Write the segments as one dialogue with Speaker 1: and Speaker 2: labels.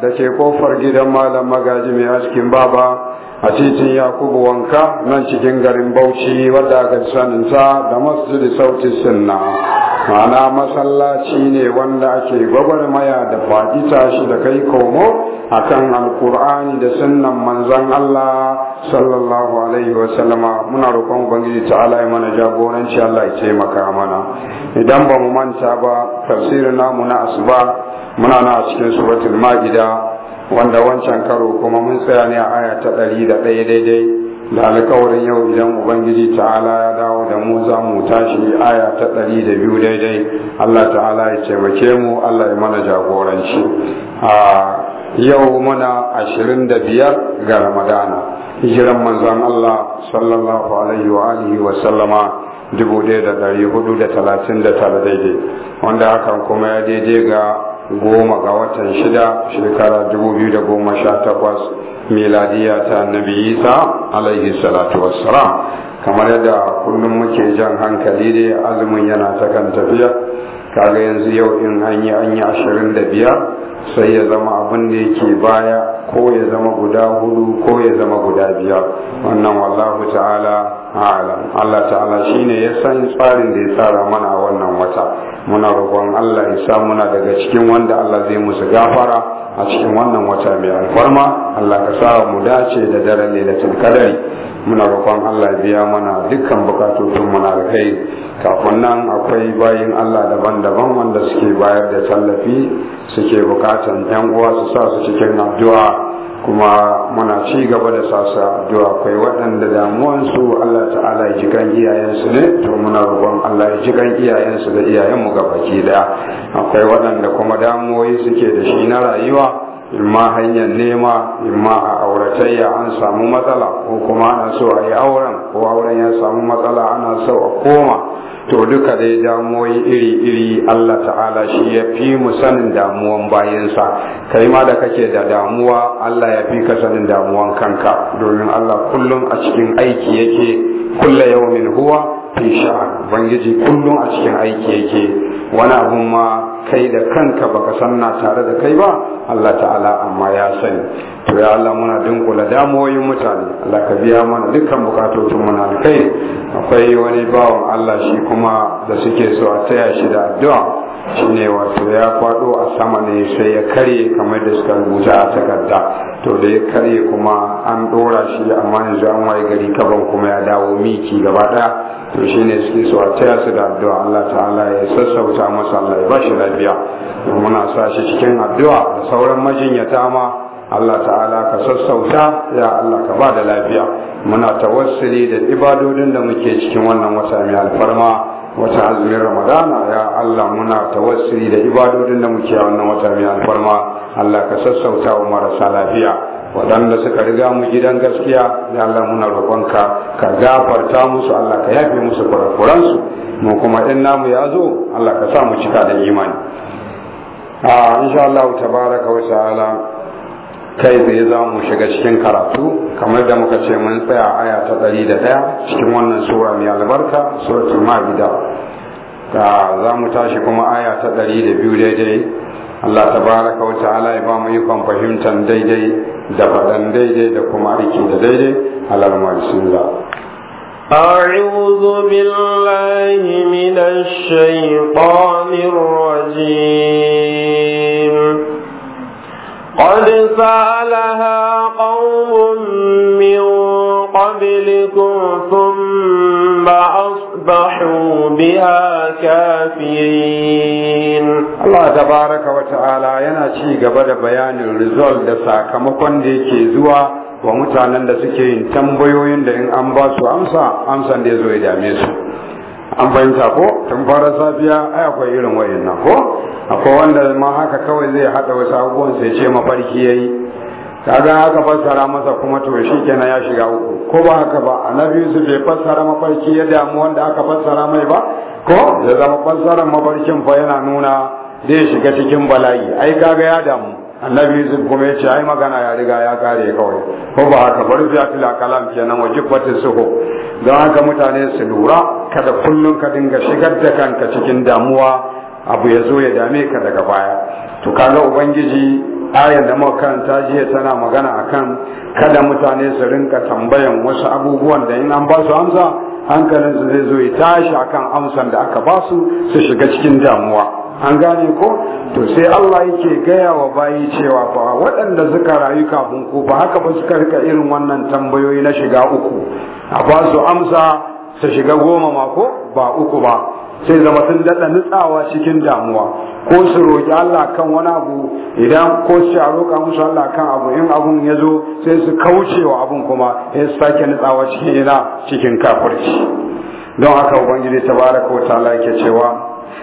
Speaker 1: da ke kofar gidan malam magaji mai askin baba a titin yakubu wanka nan cikin garin bauchi wadda aka saninsa da masjidi sauti sunna ma'ana masallaci ne wanda ake gwagwarmaya da faɗi tashi da kai komo akan alkur'ani da sunnan manzan Allah sallallahu alaihi wa sallama muna roƙon ubangiji ta ya mana jagoranci Allah ya taimaka mana idan ba mu manta ba tafsirin namu na asuba muna na a cikin suratul ma'ida wanda wancan karo kuma mun tsaya ne a aya ta ɗari da ɗaya daidai da alkawarin yau idan ubangiji ta'ala ya dawo da mu za mu tashi aya ta ɗari da biyu daidai allah ta'ala ya taimake mu allah ya mana jagoranci a yau muna ashirin da biyar ga ramadana hijiran manzon allah sallallahu alaihi wa alihi wa sallama dubu da tara daidai wanda hakan kuma ya daidai ga goma ga watan shida shekara dubu biyu da goma sha takwas miladiya ta nabi isa alaihi salatu wassalam kamar yadda kullum muke jan hankali dai azumin yana ta kan tafiya kaga yanzu yau in an yi an yi ashirin da biyar sai ya zama abin da yake baya ko ya zama guda hudu ko ya zama guda biyar wannan wallahu ta'ala alam Allah ta'ala shine ya san tsarin da ya tsara mana wannan wata muna roƙon Allah ya sa muna daga cikin wanda Allah zai musu gafara a cikin wannan wata mai alfarma Allah ka sa mu dace da daren lailatul qadari muna roƙon Allah ya biya mana dukkan bukatun mu na alkhairi kafin nan akwai bayin Allah daban-daban wanda suke bayar da tallafi suke bukatan yan uwa su sa su cikin addu'a kuma muna ci gaba da sasa addu'a akwai waɗanda damuwansu Allah ta'ala ya jikan iyayensu ne to muna roƙon Allah ya jikan iyayensu da iyayenmu baki daya akwai waɗanda kuma damuwoyi suke da shi na rayuwa imma hanyar nema imma a auratayya an samu matsala ko kuma ana so a yi auren ko auren ya samu matsala ana so a koma to duka dai damuwoyi iri-iri Allah ta'ala shi ya fi mu sanin damuwan bayansa kai ma da kake da damuwa Allah ya fi ka sanin damuwan kanka domin Allah kullum a cikin aiki yake kulla yawmin huwa fi sha'an bangiji kullum a cikin aiki yake wani abun ma kai da kanka baka san na tare da kai ba Allah ta'ala amma ya sani to ya Allah muna dinkula damuwoyin mutane Allah ka biya mana dukkan bukatotun muna da kai akwai wani bawan Allah shi kuma da suke so a taya shi da addu'a shine wato ya faɗo a sama ne sai ya karye kamar da suka rubuta a takarda to da ya karye kuma an ɗora shi amma yanzu an waye gari kaban kuma ya dawo miki gaba ɗaya to shi ne suke so a taya su da addu'a Allah ta'ala ya sassauta masa Allah ya ba shi lafiya muna sa shi cikin addu'a da sauran majinyata ma Allah ta'ala ka sassauta ya Allah ka ba da lafiya muna tawassuli da ibadodin da muke cikin wannan wata mai alfarma wata azumin ramadana ya Allah muna tawassuli da ibadodin da muke a wannan wata mai alfarma Allah ka sassauta wa marasa lafiya waɗanda suka riga mu gidan gaskiya ya Allah muna roƙonka ka gafarta musu Allah ka yafe musu kurakuransu mu kuma in namu ya zo Allah ka sa mu cika da imani a insha Allah tabaraka wa ta'ala kai zai za mu shiga cikin karatu kamar da muka ce mun tsaya aya ta ɗari da ɗaya cikin wannan sura mai albarka suratul ma'ida za mu tashi kuma aya ta ɗari da biyu daidai Allah tabaraka wa ta'ala ya ba mu yi fahimtar daidai دبدن ديدي دكم عليكم ديدي على بسم الله
Speaker 2: أعوذ بالله من الشيطان الرجيم قد سألها قوم من قبلكم ثم فأصبحوا بها كافرين الله تبارك وتعالى yana ci
Speaker 1: gaba da bayanin result da sakamakon da yake zuwa wa mutanen da suke yin tambayoyin da in an ba su amsa amsan da ya dame su an fahimta ko tun fara safiya ai akwai irin wayannan ko akwai wanda ma haka kawai zai haɗa wasu abubuwan ya ce mafarki yayi kaga aka fassara masa kuma to shi kenan ya shiga uku ko ba haka ba annabi yusuf bai fassara mafarki ya damu wanda aka fassara mai ba ko ya zama fassara mafarkin fa yana nuna zai shiga cikin bala'i ai kaga ya damu annabi yusuf kuma ya ce ai magana ya riga ya kare kawai ko ba haka bari fi atila kalam kenan wa su suhu don haka mutane su lura kada kullum ka dinga shigar da kanka cikin damuwa abu ya zo ya dame ka daga baya to kaga ubangiji ayar da muka karanta jiya tana magana akan kada mutane su rinka tambayan wasu abubuwan da in an ba su amsa hankalin su zai zo ya tashi akan amsan da aka ba su su shiga cikin damuwa an gane ko to sai Allah yake gaya wa bayi cewa fa waɗanda suka rayu kafin ku ba haka ba suka rika irin wannan tambayoyi na shiga uku a ba su amsa su shiga goma mako ba uku ba sai zama sun daɗa nutsawa cikin damuwa ko su roƙi Allah kan wani abu idan ko su a roƙa musu Allah kan abu in abun ya zo sai su kauce wa abun kuma sai su sake nutsawa cikin ina cikin kafirci don haka ubangiji ta wa ta'ala yake cewa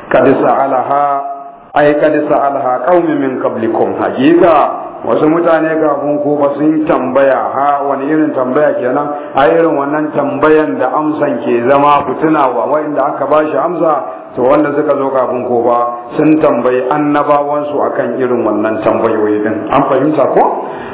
Speaker 1: kad sa'alaha A kad sa'alaha qaumin min qablikum hakika wasu mutane kafin ko ba sun tambaya ha wani irin tambaya kenan a irin wannan tambayan da amsan ke zama fituna wa da aka ba shi amsa to wanda suka zo kafin ko ba sun tambayi annabawansu akan irin wannan tambayoyi din an fahimta ko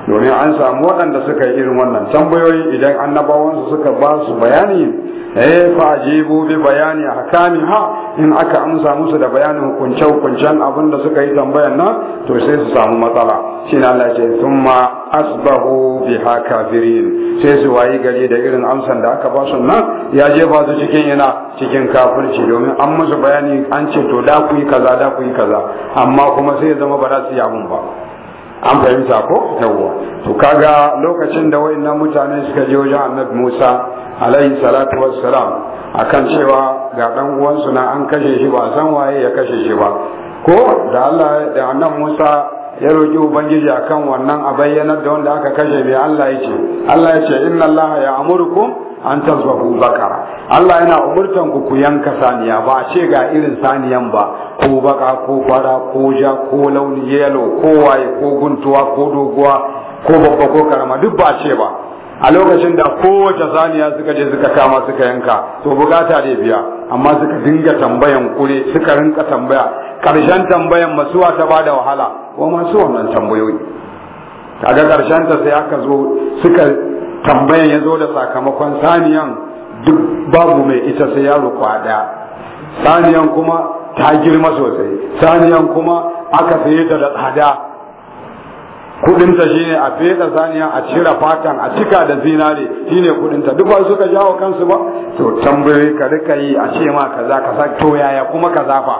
Speaker 1: domin an samu waɗanda suka yi irin wannan tambayoyi idan annabawansu suka ba su bayani eh fa ajibu bi bayani ahkamiha in aka amsa musu da bayanin hukunce hukuncen abin da suka yi tambayan nan to sai su samu matsala shine Allah ya ce thumma asbahu biha kafirin sai su wayi gari da irin amsan da aka ba su nan ya je ba su cikin yana cikin kafirci domin an musu bayani an ce to da ku yi kaza da ku yi kaza amma kuma sai ya zama ba za su yi abun ba an fahimta ko yawwa to kaga lokacin da wayannan mutane suka je wajen Annabi Musa alaihi salatu wassalam akan cewa ga dan uwansu na an kashe shi ba san waye ya kashe shi ba ko da Allah da annabi Musa ya roki ubangiji akan wannan a bayyanar da wanda aka kashe mai Allah ya ce Allah ya ce inna Allah ya amurkum an ku bakara Allah yana umurtan ku ku yanka saniya ba a ce ga irin saniyan ba ko baka ko fara ko ja ko launi yelo ko waye ko guntuwa ko doguwa ko babba ko karama duk ba a ce ba a lokacin da kowace saniya suka je suka kama suka yanka to bukata dai biya amma suka dinga tambayan kure suka rinka tambaya karshen tambayan masuwa ta bada wahala ko masu wannan tambayoyi kaga karshen ta sai aka zo suka tambayan ya zo da sakamakon saniyan duk babu mai ita sai yaro kwada saniyan kuma ta girma sosai saniyan kuma aka saye ta da tsada kudinta shine a fesa saniya a cire fatan a cika da zinare shine kudinta duk wani suka jawo kansu ba to tambayoyi ka rika yi a ce ma kaza kaza to yaya kuma kaza fa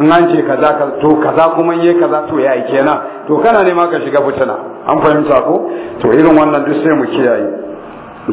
Speaker 1: in an ce kaza kaza to kaza kuma yi kaza to yaya kenan to kana ne ma ka shiga fitina an fahimta ko to irin wannan duk sai mu kiyaye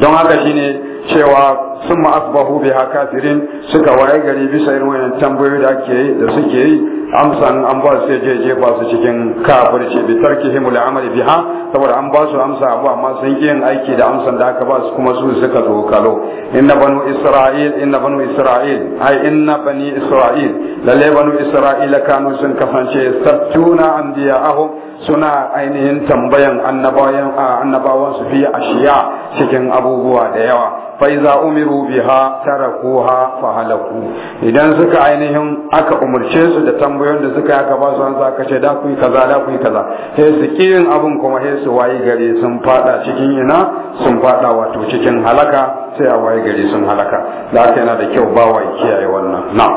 Speaker 1: don haka shine cewa sun ma'asbahu bi ha kafirin suka waye gari bisa irin wayan tambayoyi da ake yi da suke yi amsan an ba su je je ba su cikin kafirci bi tarkihim al'amal biha saboda an ba su amsa abu amma sun yin aiki da amsan da aka ba su kuma su suka zo kalo inna banu isra'il inna banu isra'il ai inna bani isra'il lalle banu isra'ila kanu sun kasance sabtuna anbiya'ahum suna ainihin tambayan annabawan annabawan su fi ashiya cikin abubuwa da yawa fa iza umiru biha tarakuha fa halaku idan suka ainihin aka umurce su da tambayoyin da suka aka ba su an zaka ce da ku kaza da ku kaza sai su kiyin abun kuma sai su wayi gare sun fada cikin ina sun fada wato cikin halaka sai a wayi gari
Speaker 2: sun halaka da haka yana da kyau ba wa kiyaye wannan na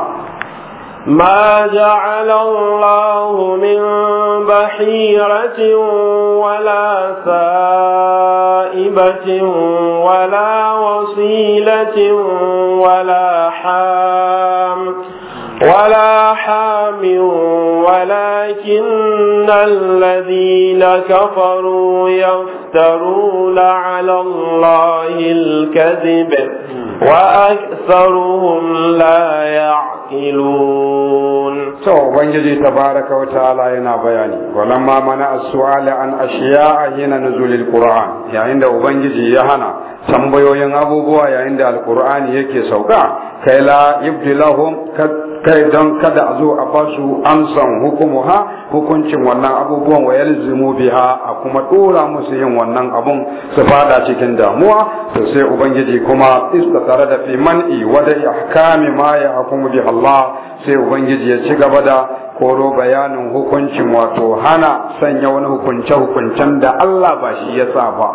Speaker 2: ما جعل الله من بحيرة ولا سائبة ولا وصيلة ولا حام ولا حام ولكن الذين كفروا يفترون على الله الكذب وأكثرهم لا يعلمون يعقلون
Speaker 1: تو وانجي تبارك وتعالى ينا بياني ولما منع السؤال عن أشياء هنا نزول القرآن يعني عند وانجي يهنا tambayoyin abubuwa yayin da alkur'ani yake sauka kai la ibdilahum kai don kada a zo a basu amsan ha hukuncin wannan abubuwan wa yalzimu biha a kuma dora musu yin wannan abun su fada cikin damuwa to sai ubangiji kuma istatara da fi man'i wa da ihkami ma ya hukumu bi Allah Allah sai ubangiji ya ci gaba da koro bayanin hukuncin wato hana sanya wani hukunce hukuncen da Allah ba shi ya sa ba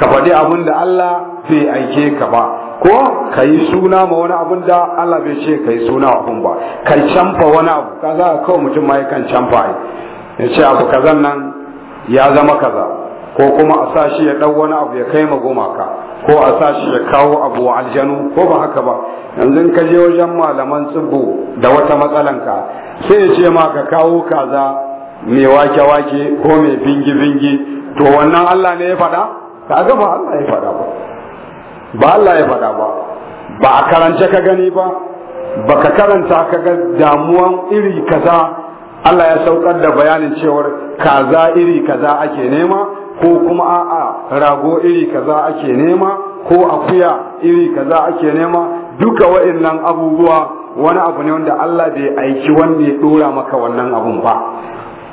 Speaker 1: ka faɗi abin da Allah zai aike ka ba ko ka yi suna ma wani abun da Allah bai ce ka yi suna a ba ka canfa wani abu kaza kawo mutum ma yakan canfa ya ce abu kazan nan ya zama kaza ko kuma a sa shi ya ɗau wani abu ya kai ma gumaka ko a sa shi ya kawo abu wa aljanu ko ba haka ba yanzu ka je wajen malaman tsibbu da wata matsalanka sai ce ma ka kawo kaza mai wake-wake ko mai bingi-bingi to wannan Allah ne ya faɗa? ka ga ba Allah ya faɗa ba ba Allah ya faɗa ba ba a karance ka gani ba ba ka karanta ka ga damuwan iri kaza Allah ya saukar da bayanin cewar kaza iri kaza ake nema ko kuma a'a rago iri kaza ake nema ko akuya iri kaza ake nema duka wa'annan abubuwa wani abu ne wanda Allah bai aiki wanda ya dora maka wannan abun ba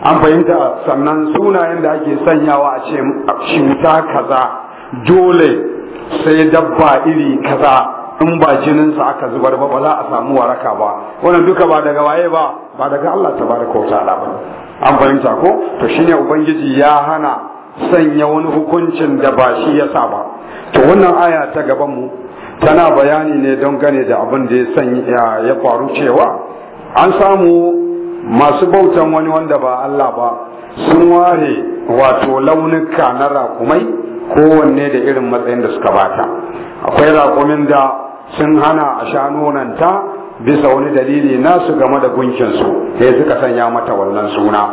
Speaker 1: an fahimta sannan sunayen da ake sanyawa a ce cuta kaza dole sai dabba iri kaza in ba jininsa aka zubar ba ba za a samu waraka ba wannan duka ba daga waye ba ba daga Allah tabaraka wa ta'ala ba an fahimta ko to shine ubangiji ya hana sanya wani hukuncin da ba shi yasa ba to wannan aya ta gaban mu tana bayani ne don gane da abin da ya ya faru cewa an samu masu bautan wani wanda ba Allah ba sun ware wato launuka na rakumai kowanne da irin matsayin da suka bata akwai rakumin da sun hana a sha nonanta bisa wani dalili nasu game da gunkinsu sai suka sanya mata wannan suna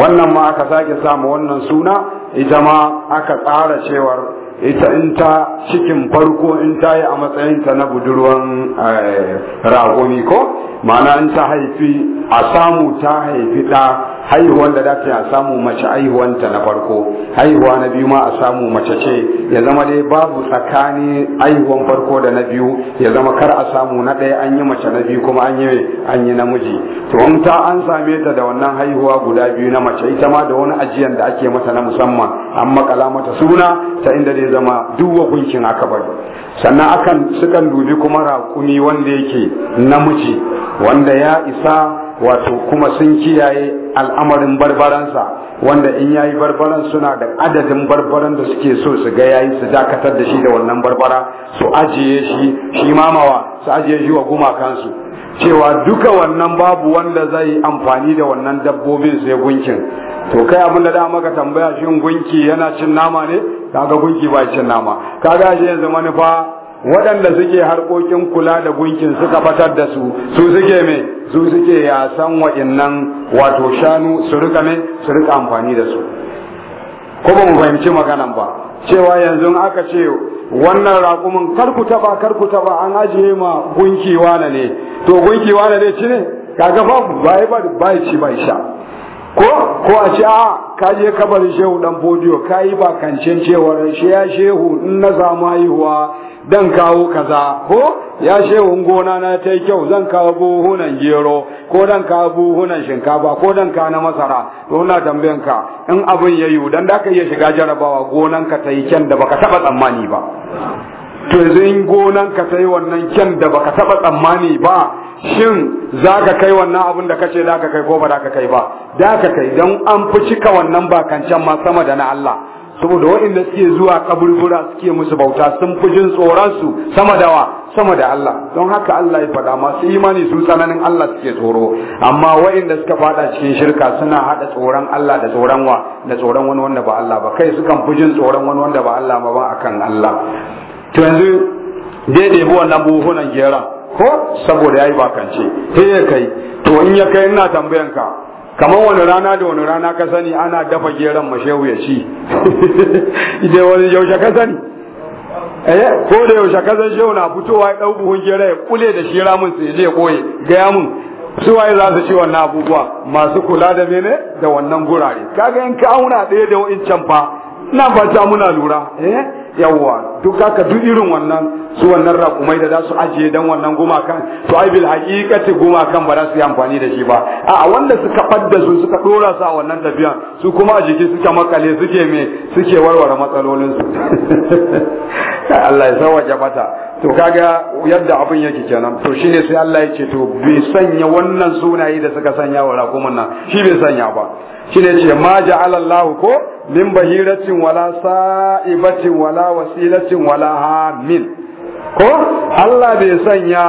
Speaker 1: wannan ma aka sake samu wannan suna ita ma aka tsara cewar ita in ta cikin farko in ta yi a matsayinta na budurwan eh, ragoni ko ma'ana in ta haifi a samu ta haifi ɗa haihuwan da dace a samu mace haihuwanta na farko haihuwa na biyu ma a samu mace ce ya zama dai babu tsakani haihuwan farko da na biyu ya zama kar a samu na ɗaya an yi mace na biyu kuma an yi namiji to in ta an same ta da wannan haihuwa guda biyu na mace ita ma da wani ajiyan da ake mata na musamman an makala mata suna ta inda zai zama duk wakuncin aka bari sannan akan sukan dubi kuma raƙumi wanda yake namiji wanda ya isa wato kuma sun kiyaye al'amarin barbaransa wanda in yayi barbaran suna da adadin barbaran da suke so su ga yayi su dakatar da shi da wannan barbara su ajiye shi shi mamawa su ajiye shi wa gumakansu cewa duka wannan babu wanda zai amfani da wannan dabbobin sai gunkin to kai abin da da maka tambaya shin gunki yana cin nama ne kaga gunki ba cin nama kaga shi yanzu manufa waɗanda suke harkokin kula da gunkin suka batar da su su suke me su suke san waɗannan wato shanu su rika me su rika amfani da su ko ba mu fahimci maganan ba cewa yanzu aka ce wannan raƙumin karku taba karku taba an ajiye ma gunki wane ne to gunki wane ne ci ne kaga ba. bai bai ci bai sha ko ko a ce a ka je kabarin shehu dan bodiyo ka yi kancin cewar shi ya shehu in na samu haihuwa dan kawo kaza ko ya shehun gona na ta yi kyau zan kawo buhunan gero ko dan kawo buhunan shinkafa ko dan kawo na masara to ina tambayan ka in abin ya yiwu dan da ka iya shiga jarabawa gonan ka ta yi kyan da baka taba tsammani ba to yanzu in gonan ka ta yi wannan kyan da baka taba tsammani ba shin za ka kai wannan abin da kace da ka kai ko ba da ka kai ba da ka kai don an fi cika wannan bakancan ma sama da na Allah saboda waɗanda suke zuwa kaburbura suke musu bauta sun fi jin tsoronsu sama da wa sama da Allah don haka Allah ya faɗa masu imani su tsananin Allah suke tsoro amma waɗanda suka faɗa cikin shirka suna haɗa tsoron Allah da tsoron wa da tsoron wani wanda ba Allah ba kai sukan fi jin tsoron wani wanda ba Allah ba akan Allah to yanzu daidai bi wannan buhunan gera ko saboda yayi bakance sai ya kai to in ya kai ina tambayanka. kamar wani rana da wani rana ka sani ana dafa geran mashehu ya ci idan wani yaushe ka sani eh ko da yaushe ka san shehu na fitowa ya dau buhun gera ya kule da shira mun sai je koye gaya mun su waye za su ci wannan abubuwa masu kula da mene da wannan gurare kaga in ka auna ɗaya da can fa ina fata muna lura eh yawwa duk haka duk irin wannan su wannan rakumai da za su ajiye dan wannan gumakan to ai bil haqiqati gumakan ba za su yi amfani da shi ba a wanda suka fadda su suka dora su a wannan tafiya su kuma a jiki suka makale suke me suke warware matsalolin su Allah ya sawaje mata to kaga yadda abin yake kenan to shine sai Allah ya to bai sanya wannan sunaye da suka sanya wa raƙumin nan shi bai sanya ba shine ce ma ja'alallahu ko min bahiratin wala sa'ibatin wala wasilatin wala hamil ko Allah bai sanya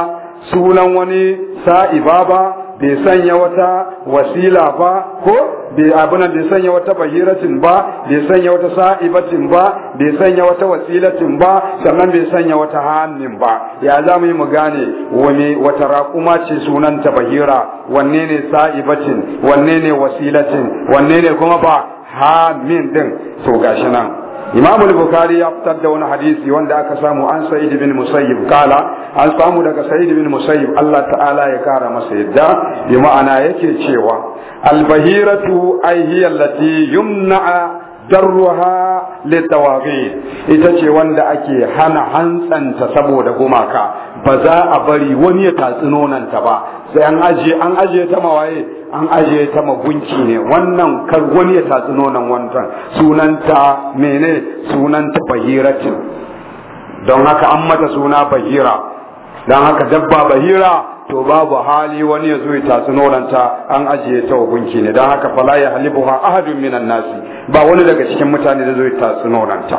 Speaker 1: sunan wani sa'iba ba bai sanya wata wasila ba ko bai abuna bai sanya wata bahiratin ba bai sanya wata sa'ibatin ba bai sanya wata wasilatin ba sannan bai sanya wata hannun ba ya za mu yi mu gane wani wata raƙuma ce sunan ta bahira wanne ne sa'ibatin wanne ne wasilatin wanne ne kuma ba hamin din to gashi nan Imam al-Bukhari ya fitar da wani hadisi wanda aka samu an Sa'id bin Musayyib kala an samu daga Sa'id bin Musayyib Allah ta'ala ya kara masa yadda bi ma'ana yake cewa al-bahiratu ay hiya allati yumna'a darruha litawaghi ita ce wanda ake hana hantsanta saboda gumaka ba za a bari wani ya tatsi nonanta ba sai an aje an aje ta mawaye an aje ta magunci ne wannan kar wani ya tatsi nonon wantan sunanta mene sunanta bahiratin don haka an mata suna bahira don haka dabba bahira to babu hali wani ya zo ya tatsi ta an ajiye ta gunki ne don haka fala ya halibuha ahadun minan nasi ba wani daga cikin mutane da zo ya tatsi ta.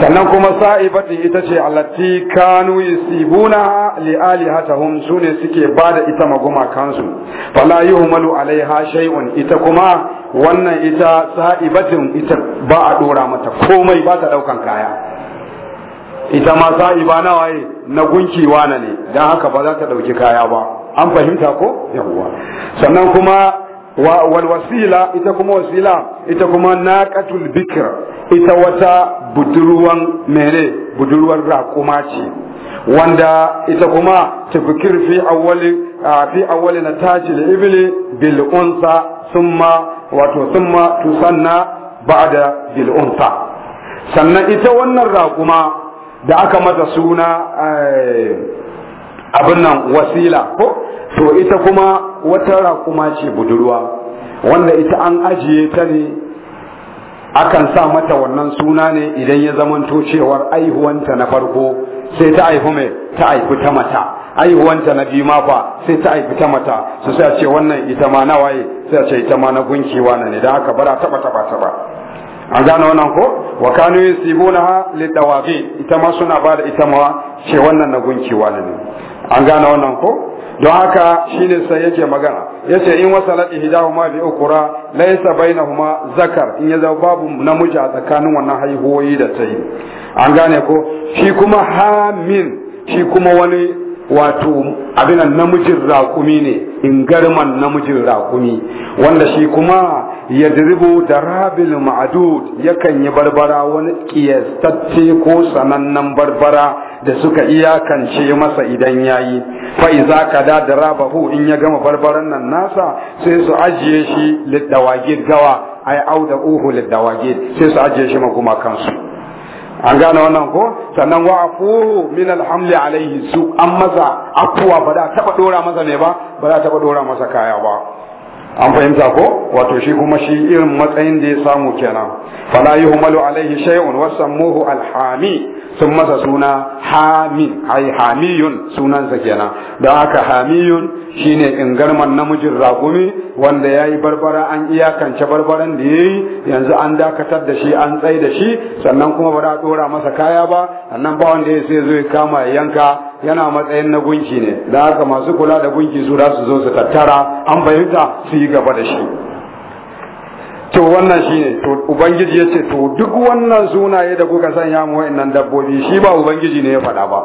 Speaker 1: sannan kuma sa'i sa'ibatu ita ce allati kanu yusibuna li alihatahum sune suke bada ita maguma kansu fala yuhmalu alaiha shay'un ita kuma wannan ita sa'ibatun ita ba a dora mata komai ba ta daukan kaya ita ma sa'iba na waye na gunki wana ne dan haka ba za ta dauki kaya ba an fahimta ko yawwa sannan kuma wasila ita kuma wasila ita kuma naqatul bikr ita wata budurwan mene budurwan raƙuma ce wanda ita kuma fikir fi awwali fi awwali natajil ibli bil unsa thumma wato thumma tusanna ba'da bil unsa sannan ita wannan raƙuma da aka mata suna eh, abin nan wasila ko to ita kuma wata raƙuma ce budurwa wanda ita an ajiye ta ne akan sa mata wannan suna ne idan ya zamanto cewar aihuwanta na farko sai ta aihu mai ta aihu ta mata aihuwanta na biyu mafa sai ta aihu ta mata su sai ce wannan ita ma na waye sai ce ita ma na gunkiwa na ne da haka bara taba taba taba an gane wannan ko wa kanu yusibuna lidawabi ita ma suna bada ita ma ce wannan na gunkiwa na ne an gane wannan ko don haka shine sai yake magana yace in wasalat ma bi ukura laysa bainahuma zakar in ya zama babu namiji a tsakanin wannan haihuwoyi da ta yi an gane ko shi kuma hamin shi kuma wani wato abinan namijin raƙumi ne in garman namijin raƙumi wanda shi kuma ya da rabil ma'adud yakan yi barbara wani kiyastacce ko sanannen barbara da suka iyakance masa idan ya yi. Fai za ka da rabahu in ya gama barbaran nan nasa sai su ajiye shi lidawagid gawa ai auda uhu lidawagid sai su ajiye shi maguma kansu an gane wannan ko sannan wa afuhu min alhamli alaihi su an maza afuwa ba da taba dora masa ne ba ba da taba dora masa kaya ba
Speaker 2: an fahimta ko wato
Speaker 1: shi kuma shi irin matsayin da ya samu kenan fala yuhmalu alaihi shay'un wasammuhu alhami sun masa suna hamin ai hamiyun sunansa kenan da aka hamiyun shine ingarman namijin raƙumi wanda ya yi barbara an iyakance barbaran da ya yi yanzu an dakatar da shi an tsai da shi sannan kuma ba za a ɗora masa kaya ba sannan ba wanda ya sai zo ya kama ya yanka yana matsayin na gunki ne da haka masu kula da gunki su za su zo su tattara an fahimta su yi gaba da shi to wannan shine to ubangiji yace to duk wannan sunaye da kuka sanya mu wa'annan dabbobi shi ba ubangiji ne ya faɗa ba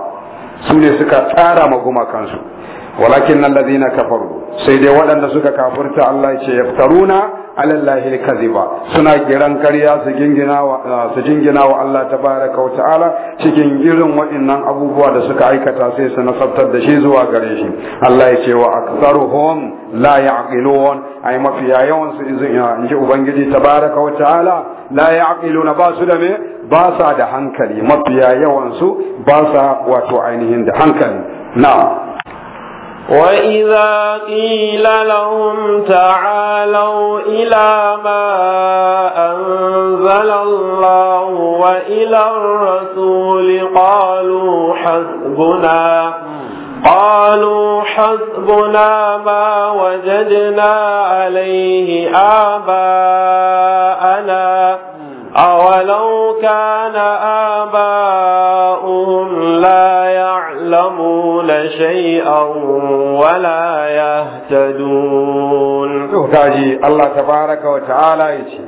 Speaker 1: su ne suka tsara ma gumakansu walakin nan alladhina kafaru sai dai waɗanda suka kafurta Allah ya ce yaftaruna alallahi kaziba suna giran karya su gingina wa uh, su wa Allah tabaraka wa ta'ala cikin irin waɗannan abubuwa da suka aikata sai su nasabtar da shi zuwa gare shi Allah ya ce wa aktsaruhum la ya'qilun ai mafiya yawan su uh, in ji ubangiji tabaraka wa ta'ala la ya'qiluna ba su da me ba sa da hankali mafiya yawan su ba sa wato ainihin da hankali na'am
Speaker 2: وإذا قيل لهم تعالوا إلى ما أنزل الله وإلى الرسول قالوا حسبنا قالوا حسبنا ما وجدنا عليه آباءنا أولو كان آباؤهم لا يعلمون شيئا ولا يهتدون تهتاجي الله تبارك وتعالى يتي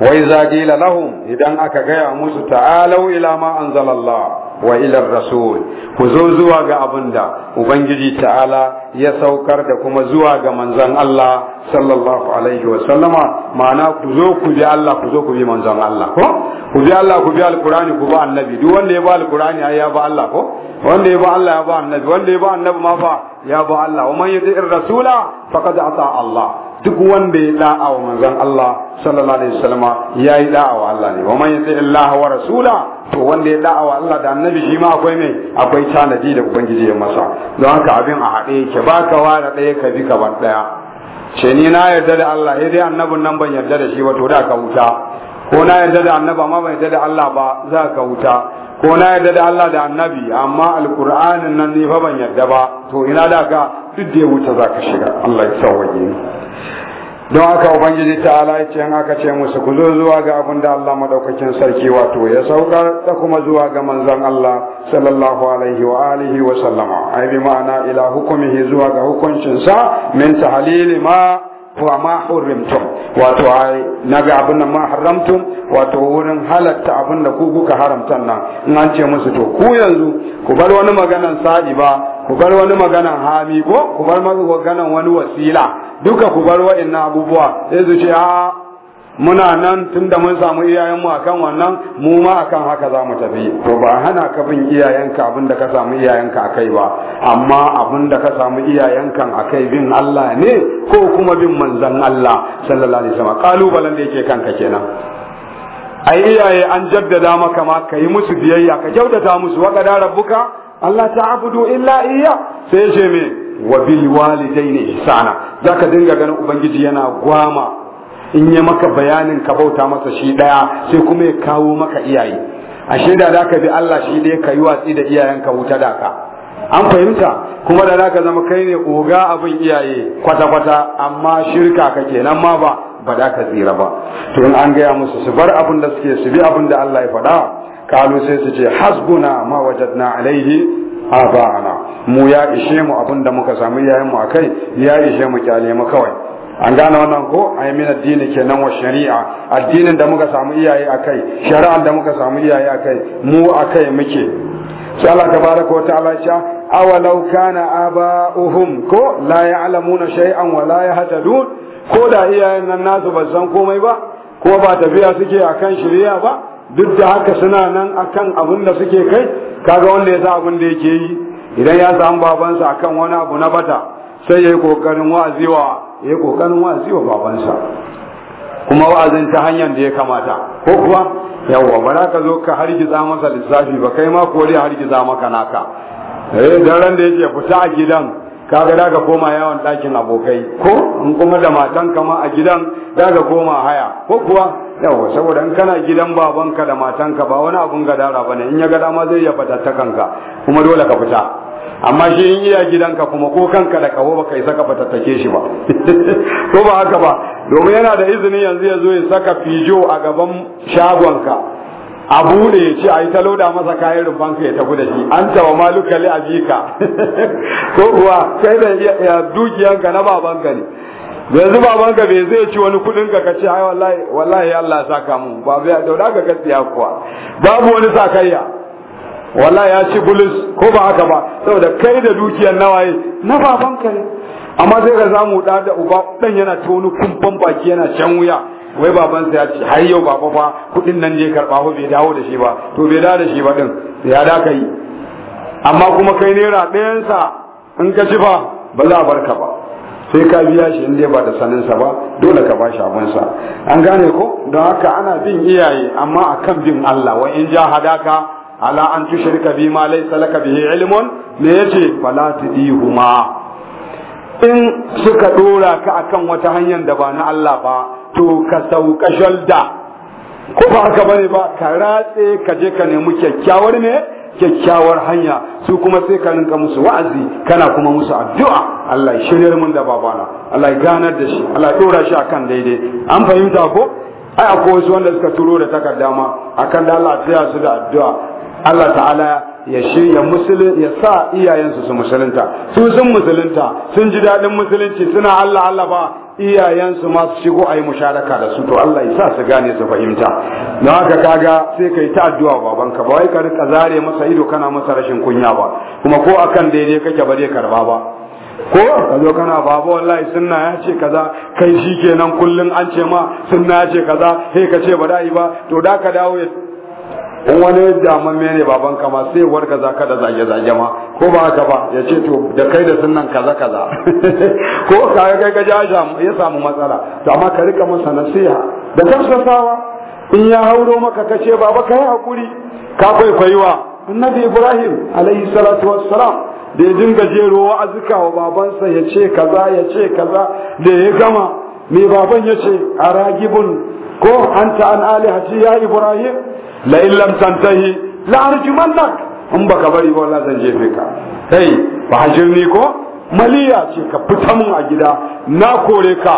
Speaker 2: وإذا قيل لهم إذا
Speaker 1: أكا قيا موسى تعالوا إلى ما أنزل الله wa ilar rasul ku zo zuwa ga abin ubangiji ta'ala ya saukar da kuma zuwa ga manzon Allah sallallahu alaihi wa sallama ma'ana ku zo ku bi Allah ku zo ku bi manzon Allah ko ku bi Allah ku bi alqur'ani ku ba annabi duk wanda ya ba alqur'ani ai ya ba Allah ko wanda ya ba Allah ya ba annabi wanda ya ba annabi ma fa ya ba Allah wa man yuti'ir rasula faqad ata Allah duk wanda ya da'a wa manzon Allah sallallahu alaihi wasallam ya yi da'a wa Allah ne wa man yuti'ir Allah wa rasula to wanda ya da'a wa Allah da annabi shi ma akwai mai akwai tanadi da ubangiji ya masa don haka abin a haɗe yake baka ware ɗaya ka bi kaban ban ɗaya ce ni na yarda da Allah sai dai annabin nan ban yarda da shi ba to da ka wuta ko na yarda da annaba ma ban yarda da Allah ba za ka wuta ko na yarda da Allah da annabi amma alkur'anin nan ne fa ban yarda ba to ina da ka duk da ya wuce za ka shiga Allah ya sauwaje ni don haka ubangiji ta'ala ya ce haka ce musu ku zo zuwa ga abin da Allah madaukakin sarki wato ya sauka ta kuma zuwa ga manzon Allah sallallahu alaihi wa alihi wa sallama ai bi ma'ana ila hukumihi zuwa ga hukuncinsa min tahlili ma wa ma hurrimtum wato na ga abin nan ma haramtum wato wurin halatta abin da ku kuka haramtan nan in an ce musu to ku yanzu ku bar wani maganan saɗi ba ku bar wani maganan hami ko ku bar maganan wani wasila duka ku bar wa'annan abubuwa sai su ce a muna nan tunda mun samu iyayenmu akan wannan mu ma akan haka za mu tafi to ba hana ka bin iyayenka abin da ka samu iyayenka akai ba amma abin da ka samu iyayenkan akai bin Allah ne ko kuma bin manzan Allah sallallahu alaihi wasallam kalubalen da yake kanka kenan ai iyaye an jaddada maka ma ka yi musu biyayya ka kyautata musu wa qadara rabbuka Allah ta'budu illa iyya sai ce me wa bil walidaini ihsana zaka dinga ganin ubangiji yana gwama in ya maka bayanin ka bauta masa shi ɗaya, sai kuma ya kawo maka iyaye ashe da ka bi Allah shi dai ka yi watsi da iyayen ka wuta da ka an fahimta kuma da ka zama kai ne oga abin iyaye kwata kwata amma shirka ka ke nan ma ba ba da ka tsira ba to in an gaya musu su bar abin da suke su bi abin da Allah ya faɗa kalu sai su ce hasbuna ma wajadna alaihi aba'ana mu ya ishe mu abin da muka samu iyayen mu akai ya ishe mu kyale mu kawai an gane wannan ko ai min ke kenan wa shari'a addinin da muka samu iyaye akai shari'ar da muka samu iyaye akai mu akai muke sai Allah tabaraka wa ta'ala ya awalau kana aba'uhum ko la ya'lamuna shay'an wa la yahtadun ko da iyayen nan nasu ba san komai ba ko ba tafiya suke akan shari'a ba duk da haka suna nan akan abin da suke kai kaga wanda ya sa abin da yake yi idan ya samu babansa akan wani abu na bata sai ya yi kokarin wa'azi wa ya yi ƙoƙarin wa'azi wa babansa kuma wa'azin ta hanyar da ya kamata ko kuwa yawwa ba ka zo ka hargiza masa lissafi ba kai ma ko dai hargiza maka naka eh dan ran da yake fita a gidan kaga da ka koma yawan ɗakin abokai ko in kuma da matan kama a gidan daga ka koma haya ko kuwa yawa saboda in kana gidan babanka da matanka ba wani abun gadara ba ne, in ya ga dama zai ya ta kanka kuma dole ka fita amma shi in iya gidanka kuma ko kanka da kawo baka isa ka fatattake shi ba ko ba haka ba domin yana da izinin yanzu ya zo ya saka fijo a gaban shagonka a bude ya ce a yi taloda masa kayan rumfanka ya tafi da shi an tawa maluka li abika ko kuwa sai da ya dukiyanka na babanka ne yanzu babanka bai zai ci wani kudin ka kace ai wallahi wallahi Allah saka mu ba bai da ka gaskiya kuwa babu wani sakayya Wala ya ci bulus ko ba haka ba saboda kai da dukiyar nawaye na babanka ne amma sai ka zamu da da uba dan yana tono kumban baki yana shan wuya wai babansa ya ce har yau baba fa kudin nan je karba ko bai dawo da shi ba to bai dawo da shi ba din ya da kai amma kuma kai naira sa in ka ci fa ba za a barka ba sai ka biya shi inda ba da saninsa ba dole ka ba shi sa. an gane ko don haka ana bin iyaye amma akan bin Allah wa in ja hadaka ala an tushrika bi ma laysa laka bihi ilmun me yace fala tudihuma in suka dora ka akan wata hanyar da ba na Allah ba to ka sauka shalda ko ba ka bane ba ka ratse ka je ka nemi kyakkyawar ne kyakkyawar hanya su kuma sai ka rinka musu wa'azi kana kuma musu addu'a Allah ya shirye mun da babana Allah ya ganar da shi Allah ya dora shi akan daidai an fahimta ko ai akwai wasu wanda suka turo da takardama ma akan da Allah ya tsaya su da addu'a Allah ta'ala ya shirya musulun ya sa iyayensu su musulunta su sun musulunta sun ji daɗin musulunci suna Allah Allah ba iyayensu ma su shigo a yi musharaka da su to Allah ya sa su gane su fahimta don haka kaga sai kai ta addu'a babanka ba wai ka rika zare masa ido kana masa rashin kunya ba kuma ko akan daidai kake ba zai karba ba ko ka zo kana babu wallahi sunna ya ce kaza kai shikenan kullun an ce ma sunna ya ce kaza sai ka ce ba da'i ba to da ka dawo in wani damamme mene baban ka sai warka ka da zage zage ma ko ba haka ba ya ce to da kai da sunan kaza kaza ko ka kai ka ja ya samu matsala to amma ka rika masa nasiha da tafsasawa in ya hauro maka kace baba kai hakuri ka wa? annabi ibrahim alaihi salatu wassalam da ya dinga jero azuka wa babansa ya ce kaza ya ce kaza da ya gama mai baban ya ce a ragibun ko anta an alihati ya ibrahim la illam tantahi la arjumannak in baka bari ba wallahi zan jefe ka kai ba hajirni ko maliya ce ka fita mun a gida na kore ka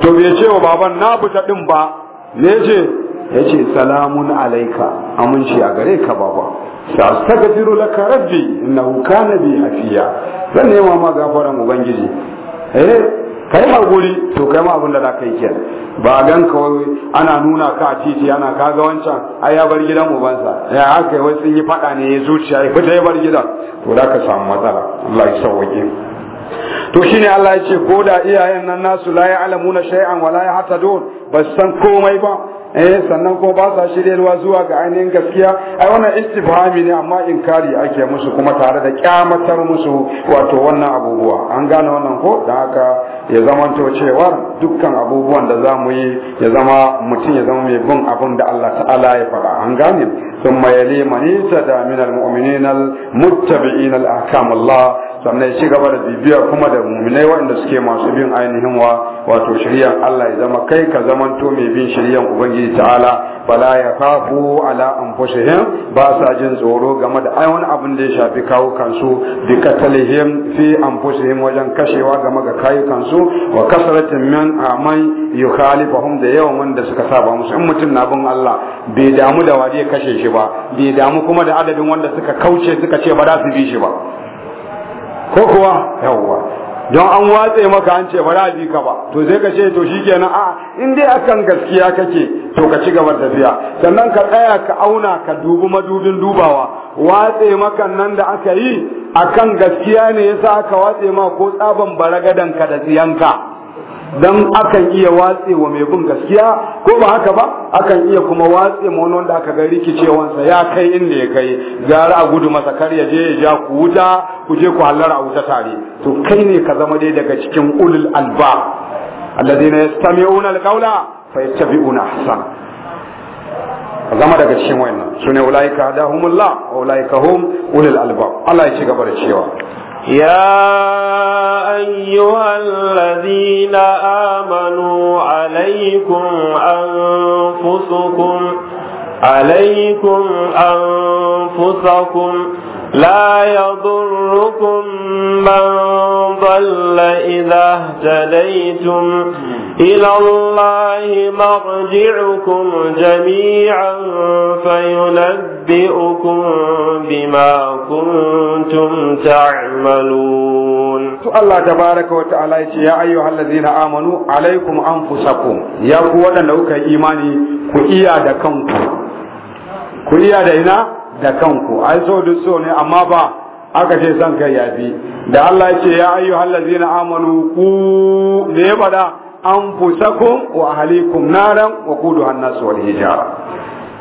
Speaker 1: to bai ce wa baban na fita din ba me yace yace salamun alaika aminci a gare ka baba sa astaghfiru laka rabbi innahu kana bi hafiya zan nema ma gafaran ubangiji eh kai haƙuri to kai ma abin da za ka yi ke. ba gan kawai ana nuna ka a titi ana kaga wancan ai ya bar gidan ubansa ya haka wai sun yi faɗa ne ya zuciya ya fita ya bar gidan to za ka samu matsala Allah ya sauwaƙe to shine Allah ya ce ko da iyayen nan nasu la ya'lamuna shay'an wala ya hatadun ba san komai ba eh sannan ko ba sa shiryarwa zuwa ga ainihin gaskiya ai wannan istifhami ne amma inkari ake musu kuma tare da kyamatar musu wato wannan abubuwa an gane wannan ko dan haka ya zamanto cewa dukkan abubuwan da za mu yi ya zama mutum ya zama mai bin abin da Allah ta'ala ya faɗa an gane ثم يلي من اهتدى من المؤمنين المتبعين الأحكام الله sannan ci gaba da bibiya kuma da muminai waɗanda suke masu bin ainihin wa wato shiryan Allah ya zama kai ka zamanto to mai bin shiryan Ubangiji ta'ala bala ya kafu ala anfusihim ba sa jin tsoro game da ai wani abin da ya shafi kawo kansu bi fi anfusihim wajen kashewa game ga kayi kansu wa kasratin min amai yukhalifahum da yawan wanda suka saba musu in mutum na bin Allah bai damu da wani kashe shi ba bai damu kuma da adadin wanda suka kauce suka ce ba za su bi shi ba ko kuwa yawwa don an watse maka an ce ba za bi ka ba to sai ka ce to shikenan a in dai akan gaskiya kake to ka ci gaba da tafiya sannan ka tsaya ka auna ka dubi madubin dubawa watse maka nan da aka yi akan gaskiya ne yasa aka watse ma ko tsaban baragadan ka da tsiyanka dan akan iya watse wa mai bin gaskiya ko ba haka ba akan iya kuma watse ma wani wanda aka ga rikicewansa ya kai inda ya kai gara a gudu masa kar ya je ya ja ku wuta ku je ku hallara a wuta tare to kai ne ka zama dai daga cikin ulul alba alladheena yastami'una alqawla fayattabi'una ahsana ka zama daga cikin wayannan sune ulaika dahumullah wa ulaika hum ulul alba Allah ya ci gaba da cewa
Speaker 2: يا أيها الذين آمنوا عليكم أنفسكم عليكم أنفسكم لا يضركم من ضل إذا اهتديتم إلى الله مرجعكم جميعا فينبئكم بما كنتم تعملون
Speaker 1: الله تبارك وتعالى يا
Speaker 2: أيها الذين آمنوا
Speaker 1: عليكم أنفسكم يا قوانا لو كإيماني كإيادة كنتم كإيادة هنا da kanku ai so duk so ne amma ba aka ce san kai yafi da Allah ya ce ya ayyuhal ladzina amanu ku me bada anfusakum wa ahlikum naran wa quduha an-nas wal hijara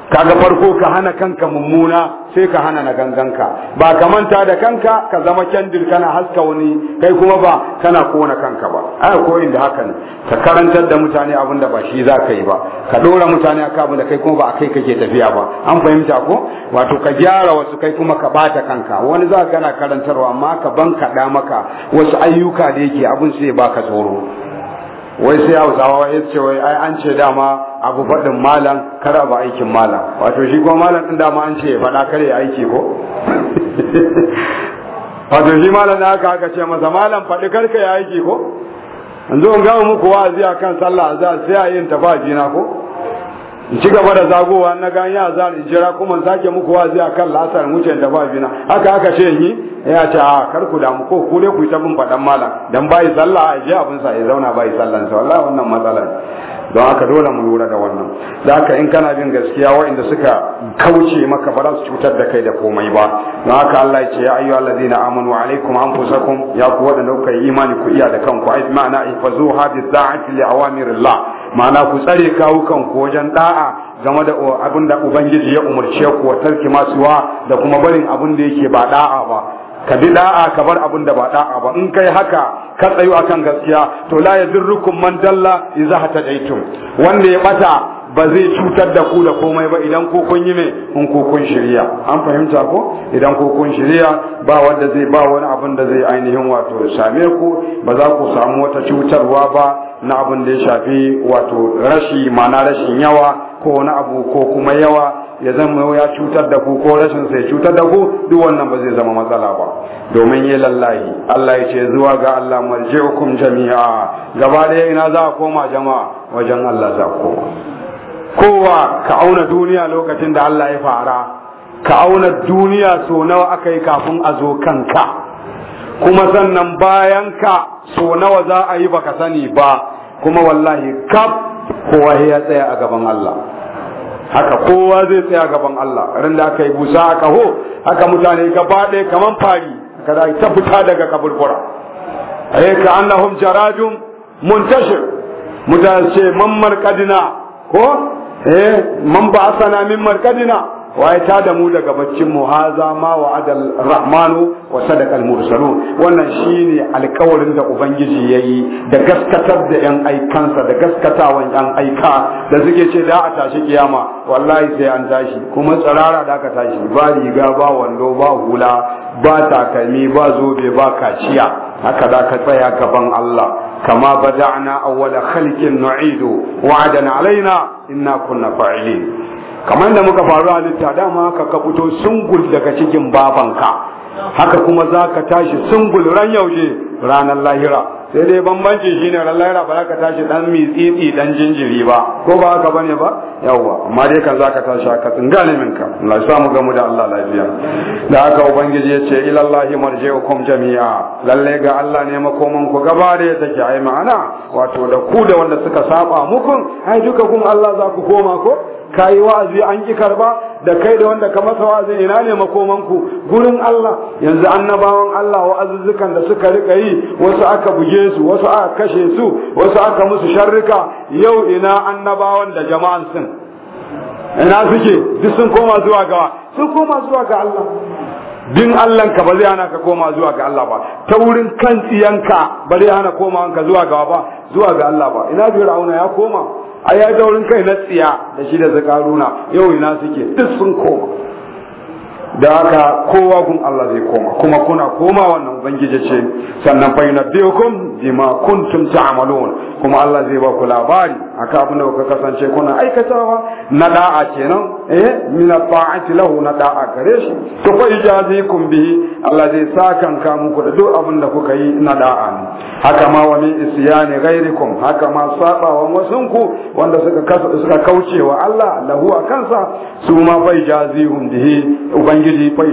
Speaker 1: kaga farko ka hana kanka mummuna sai ka hana na ganganka ba ka manta da kanka ka zama kyandir kana haska wani kai kuma ba kana kona kanka ba ai koyin da ne ka karantar da mutane abin da ba shi za ka yi ba ka dora mutane aka abin da kai kuma ba kai kake tafiya ba an fahimta ko wato ka gyara wasu kai kuma ka bata kanka wani za ka na karantarwa amma ka ban kaɗa maka wasu ayyuka da yake abin sai ba ka tsoro wai sai hausawa ya ce wai an ce dama abu faɗin malam kar abu aikin malam wato shi kuma malam ɗin dama an ce faɗa kare ya aiki ko wato shi malam da aka aka ce masa malam faɗi ka ya aiki ko an zo gama muku wa'azi a kan sallah za sai a yin tafa jina ko in ci gaba da zagowa na ga ya za in jira kuma sake muku wa'azi a kan lasar mucin tafa jina haka aka ce yi ya ce a ah, kar ku damu ko ku ne ku yi ta bin faɗan malam dan bayi sallah a je abin sa ya zauna bayi sallan sa wallahi wannan matsalar don haka dole mu lura da wannan da haka in kana bin gaskiya waɗanda suka kauce maka ba za su cutar da kai da komai ba don haka Allah ya ce ya ayyuha allazina amanu alaikum anfusakum ya ku waɗanda kuka yi imani ku iya da kanku ai ma'ana ifazu hadith za'ati li awamirillah ma'ana ku tsare kawukan ku wajen da'a game da abin Ubangiji ya umarce ku wa tarki masuwa da kuma barin abin da yake ba da'a ba ka bi da'a ka bar abin da ba da'a ba in kai haka ka tsayu akan gaskiya to la yadurrukum man dalla idza hatadaitum wanda ya bata ba zai cutar da ku da komai ba idan ko kun yi me in ko kun shirya an fahimta ko idan ko kun shirya ba wanda zai ba wani abin da zai ainihin wato same ku ba za ku samu wata cutarwa ba na abin da ya shafi wato rashi ma'ana rashin yawa ko wani abu ko kuma yawa ya zama ya cutar da ku ko rashin sai cutar da ku duk wannan ba zai zama matsala ba domin yi lallahi Allah ya ce zuwa ga Allah marji'ukum jami'a gaba daya ina za koma jama'a wajen Allah za ku kowa ka auna duniya lokacin da Allah ya fara ka auna duniya so nawa aka yi kafin a zo kanka kuma sannan bayan ka so nawa za a yi baka sani ba kuma wallahi kaf kowa ya tsaya a gaban Allah haka kowa zai tsaya gaban Allah ran da aka yi busa aka ho haka mutane gaba ɗaya kaman fari haka da ta fita daga kaburbura ka annahum jarajum muntashir mutane ce man Kadina ko eh man ba asana min markadina waye ta da mu daga baccin mu haza ma adal rahmanu wa al mursalun wannan shine alkawarin da ubangiji yayi da gaskatar da yan aikansa da gaskatawan yan aika da suke ce da a tashi kiyama wallahi sai an tashi kuma tsarara da aka tashi ba riga ba wando ba hula ba takalmi ba zobe ba kaciya haka da ka tsaya gaban Allah kama bada'na awwala khalqin nu'idu wa'adana alaina inna kunna fa'ilin kamar da muka faru halitta dama haka ka fito sungul daga cikin babanka haka kuma za ka tashi sungul ran yaushe ranar lahira sai dai bambanci ne ran lahira ba za ka tashi dan mitsitsi dan jinjiri ba ko ba haka bane ba yawwa amma dai kan za ka tashi haka tsinga ne minka Allah ya mu gamu da Allah lafiya da haka ubangiji ya ce ila Allahi marji'ukum jami'a lalle ga Allah ne makoman ku gaba da ya take ai ma'ana wato da ku da wanda suka saba muku ai duka kun Allah za ku koma ko ka yi wa'azi an ki karba da kai da wanda ka masa wa'azi, ina ne makomanku gurin Allah yanzu annabawan Allah wa'azuzzukan da suka rika yi wasu aka buge su wasu aka kashe su wasu aka musu sharrika yau ina annabawan da jama'an sun ina suke duk sun koma zuwa ga sun koma zuwa ga Allah bin Allah ka ba zai hana ka koma zuwa ga Allah ba ta wurin kan tsiyanka ba zai hana komawanka zuwa ga ba zuwa ga Allah ba ina bi auna ya koma a ya daurin kai na tsiya da shi da zakaruna yau ina suke duk sun koma da haka kowa kun Allah zai koma kuma kuna koma wannan ubangiji ce sannan fa yunabbiukum bima kuntum ta'malun kuma Allah zai ba ku labari akan abin da kuka kasance kuna aikatawa na da'a kenan eh min ta'ati lahu na da'a gare shi to fa ijazikum bihi Allah zai sakan ka muku da duk abin da kuka yi na da'a ne haka ma wa min isyani ghairikum haka ma sabawan wasunku wanda suka suka kauce wa Allah lahu a kansa su ma fa bihi ubangiji fa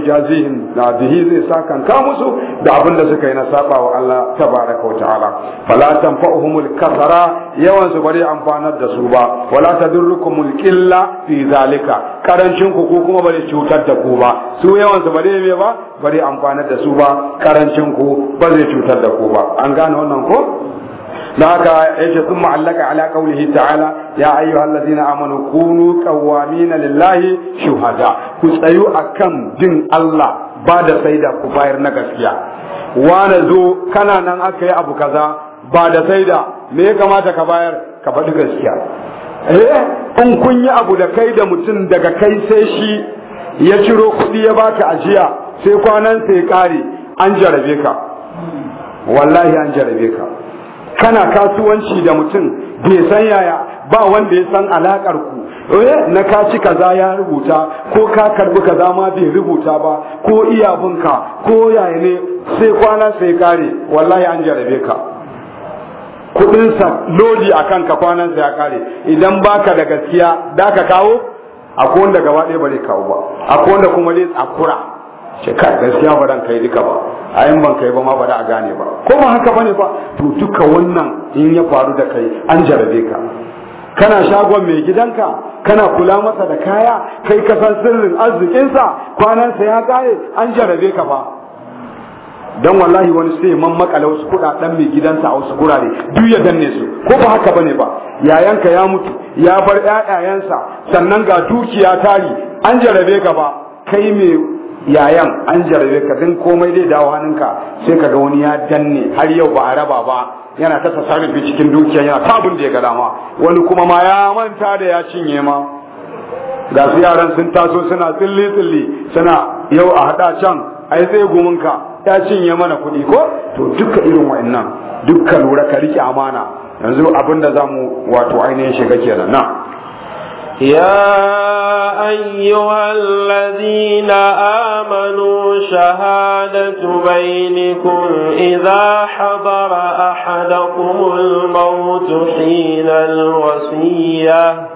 Speaker 1: da bihi zai sa ka musu da abin da suka yi na wa Allah tabaraka wa ta'ala fala tanfa'uhumul kasra tara yawan su bari amfanar da su ba wala tadurrukumul qilla fi zalika karancin ku ko kuma bari cutar da ku ba su yawan su bari me ba bari amfanar da su ba karancin ku ba zai cutar da ku ba an gane wannan ko da haka yace sun ma'allaka ala kaulihi ta'ala ya ayyuhal na amanu kunu qawwamina lillahi shuhada ku tsayu akan din Allah ba da saida ku bayar na gaskiya wane zo kana nan aka abu kaza ba da saida me ya kamata ka bayar ka faɗi gaskiya
Speaker 2: eh
Speaker 1: in kun yi abu da kai da mutum daga kai sai shi ya ciro kuɗi ya baka ajiya sai kwanan sai ƙare an jarabe ka wallahi an jarabe ka kana kasuwanci da mutum bai san yaya ba wanda ya san alakar ku eh, na ka ci kaza ya rubuta ko ka karbi kaza ma bai rubuta ba ko iyabinka ko yaya ne sai kwana sai kare wallahi an jarabe ka sa lodi a kwanan sa ya kare idan baka da gaskiya da ka kawo akwai wanda gaba ɗaya bare kawo ba akwai wanda kuma zai tsakura ce ka gaskiya ba dan kai duka ba a yin ban kai ba ma ba da a gane ba ko ba haka bane ba to duka wannan in ya faru da kai an jarabe ka kana shagon mai gidanka kana kula masa da kaya kai kasan sirrin arzikinsa sa ya kare an jarabe ka ba dan wallahi wani sai man makala wasu kudaden mai gidansa a wasu gurare duk ya danne su ko ba haka bane ba yayanka ya mutu ya bar ƴaƴayensa sannan ga dukiya tari an jarabe ka ba kai me yayan an jarabe ka din komai dai dawo hannunka sai kaga wani ya danne har yau ba a raba ba yana ta tasarrufi cikin dukiya yana ta da ya ga dama wani kuma ma ya manta da ya cinye ma ga su yaran sun taso suna tsilli tsilli suna yau a haɗa can ai sai gumin ka Ya cinye mana kuɗi ko to duka irin wa'annan duka lura ka rike amana yanzu abin da za mu wato ainihin shiga kenan na
Speaker 2: يا أيها الذين آمنوا شهادة بينكم إذا حضر أحدكم الموت حين الوصيه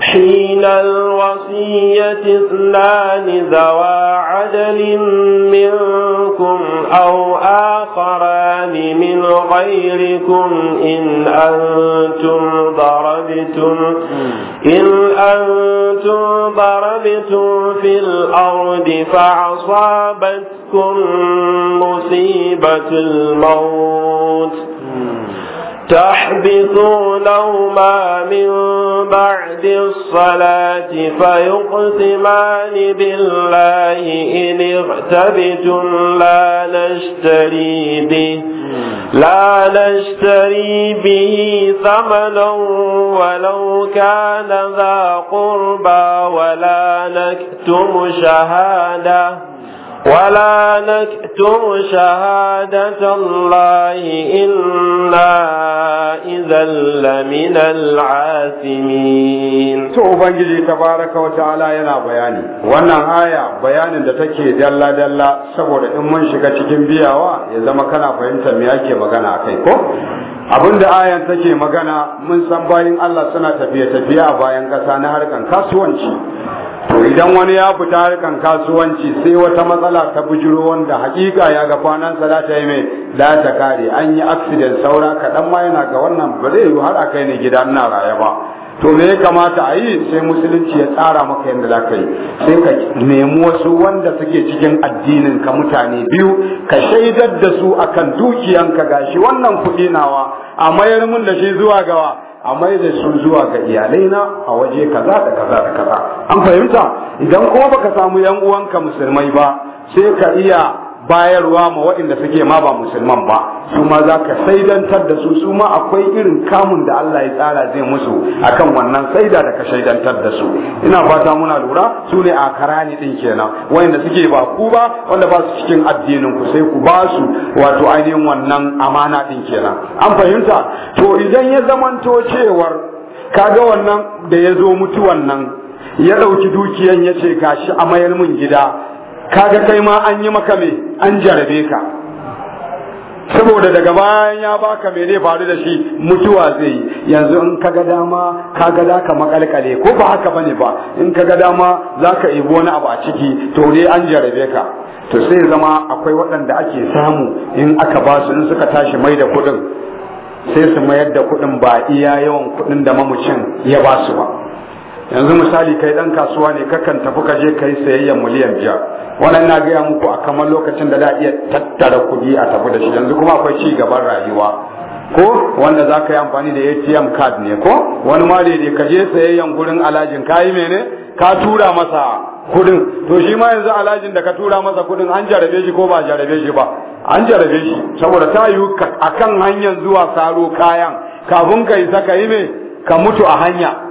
Speaker 2: حين الوصية اثنان ذوى عدل منكم أو آخران من غيركم إن أنتم ضربتم إن أنتم ضربتم في الأرض فأصابتكم مصيبة الموت تحبثونهما من بعد الصلاة فيقسمان بالله إن اغتبتم لا نشتري به لا نشتري به ثمنا ولو كان ذا قربى ولا نكتم شهاده ولا نكتم شهادة الله إلا إذا لمن العاثمين
Speaker 1: to ubangiji ta tabaraka wa ta'ala yana bayani wannan aya
Speaker 2: bayanin da take dalla dalla saboda in mun shiga cikin
Speaker 1: biyawa ya zama kana fahimtar me ake magana akai ko abinda ayan take magana mun san bayin Allah suna tafiye tafiye a bayan ƙasa na harkan kasuwanci to idan wani ya fita harkan kasuwanci sai wata matsala ta bujiro wanda hakika ya ga kwanan sa za ta yi mai za ta kare an yi accident saura kaɗan ma yana ga wannan ba zai har a kai ne gidan na raye ba to me ya kamata a yi sai musulunci ya tsara maka yadda za ka yi sai ka nemi wasu wanda suke cikin addinin ka mutane biyu ka shaidar da su akan dukiyanka gashi wannan kuɗi nawa a mayar mun da shi zuwa gawa a mai da su zuwa ga iyalai na a waje kaza da kaza da kaza an fahimta idan kuma baka samu yan uwanka musulmai ba sai ka iya bayarwa ma waɗanda suke ma ba musulman ba su ma za ka saidantar da su su ma akwai irin kamun da Allah ya tsara zai musu akan wannan saida da ka shaidantar da su ina fata muna lura su ne a karani din kenan waɗanda suke ba ku ba wanda ba su cikin addinin ku sai ku ba su wato ainihin wannan amana din kenan an fahimta to idan ya zamanto cewar kaga wannan da ya zo mutuwan nan ya ɗauki dukiyan ya ce gashi a mayar mun gida kaga kai ma an yi maka me an jarabe ka saboda daga bayan ya baka me ne faru da shi mutuwa zai yi yanzu in kaga dama kaga za ka makalkale ko ba haka bane ba in kaga dama zaka ka ibo wani abu a ciki to dai an jarabe ka to sai zama akwai waɗanda ake samu in aka ba su in suka tashi mai da kuɗin sai su mayar da kuɗin ba iya yawan kuɗin da mamucin ya ba su ba yanzu misali kai dan kasuwa ne kakan tafi ka je kai sayayyan miliyan biyar wannan na gaya muku a kamar lokacin da za a iya tattara kuɗi a tafi da shi yanzu kuma akwai ci gaban rayuwa ko wanda za ka yi amfani da atm card ne ko wani ma da ka je sayayyan gurin alajin ka yi mene ka tura masa kudin to shi ma yanzu alajin da ka tura masa kuɗin an jarabe shi ko ba jarabe shi ba an jarabe shi saboda ta yi akan hanyar zuwa saro kayan kafin ka isa ka yi me ka mutu a hanya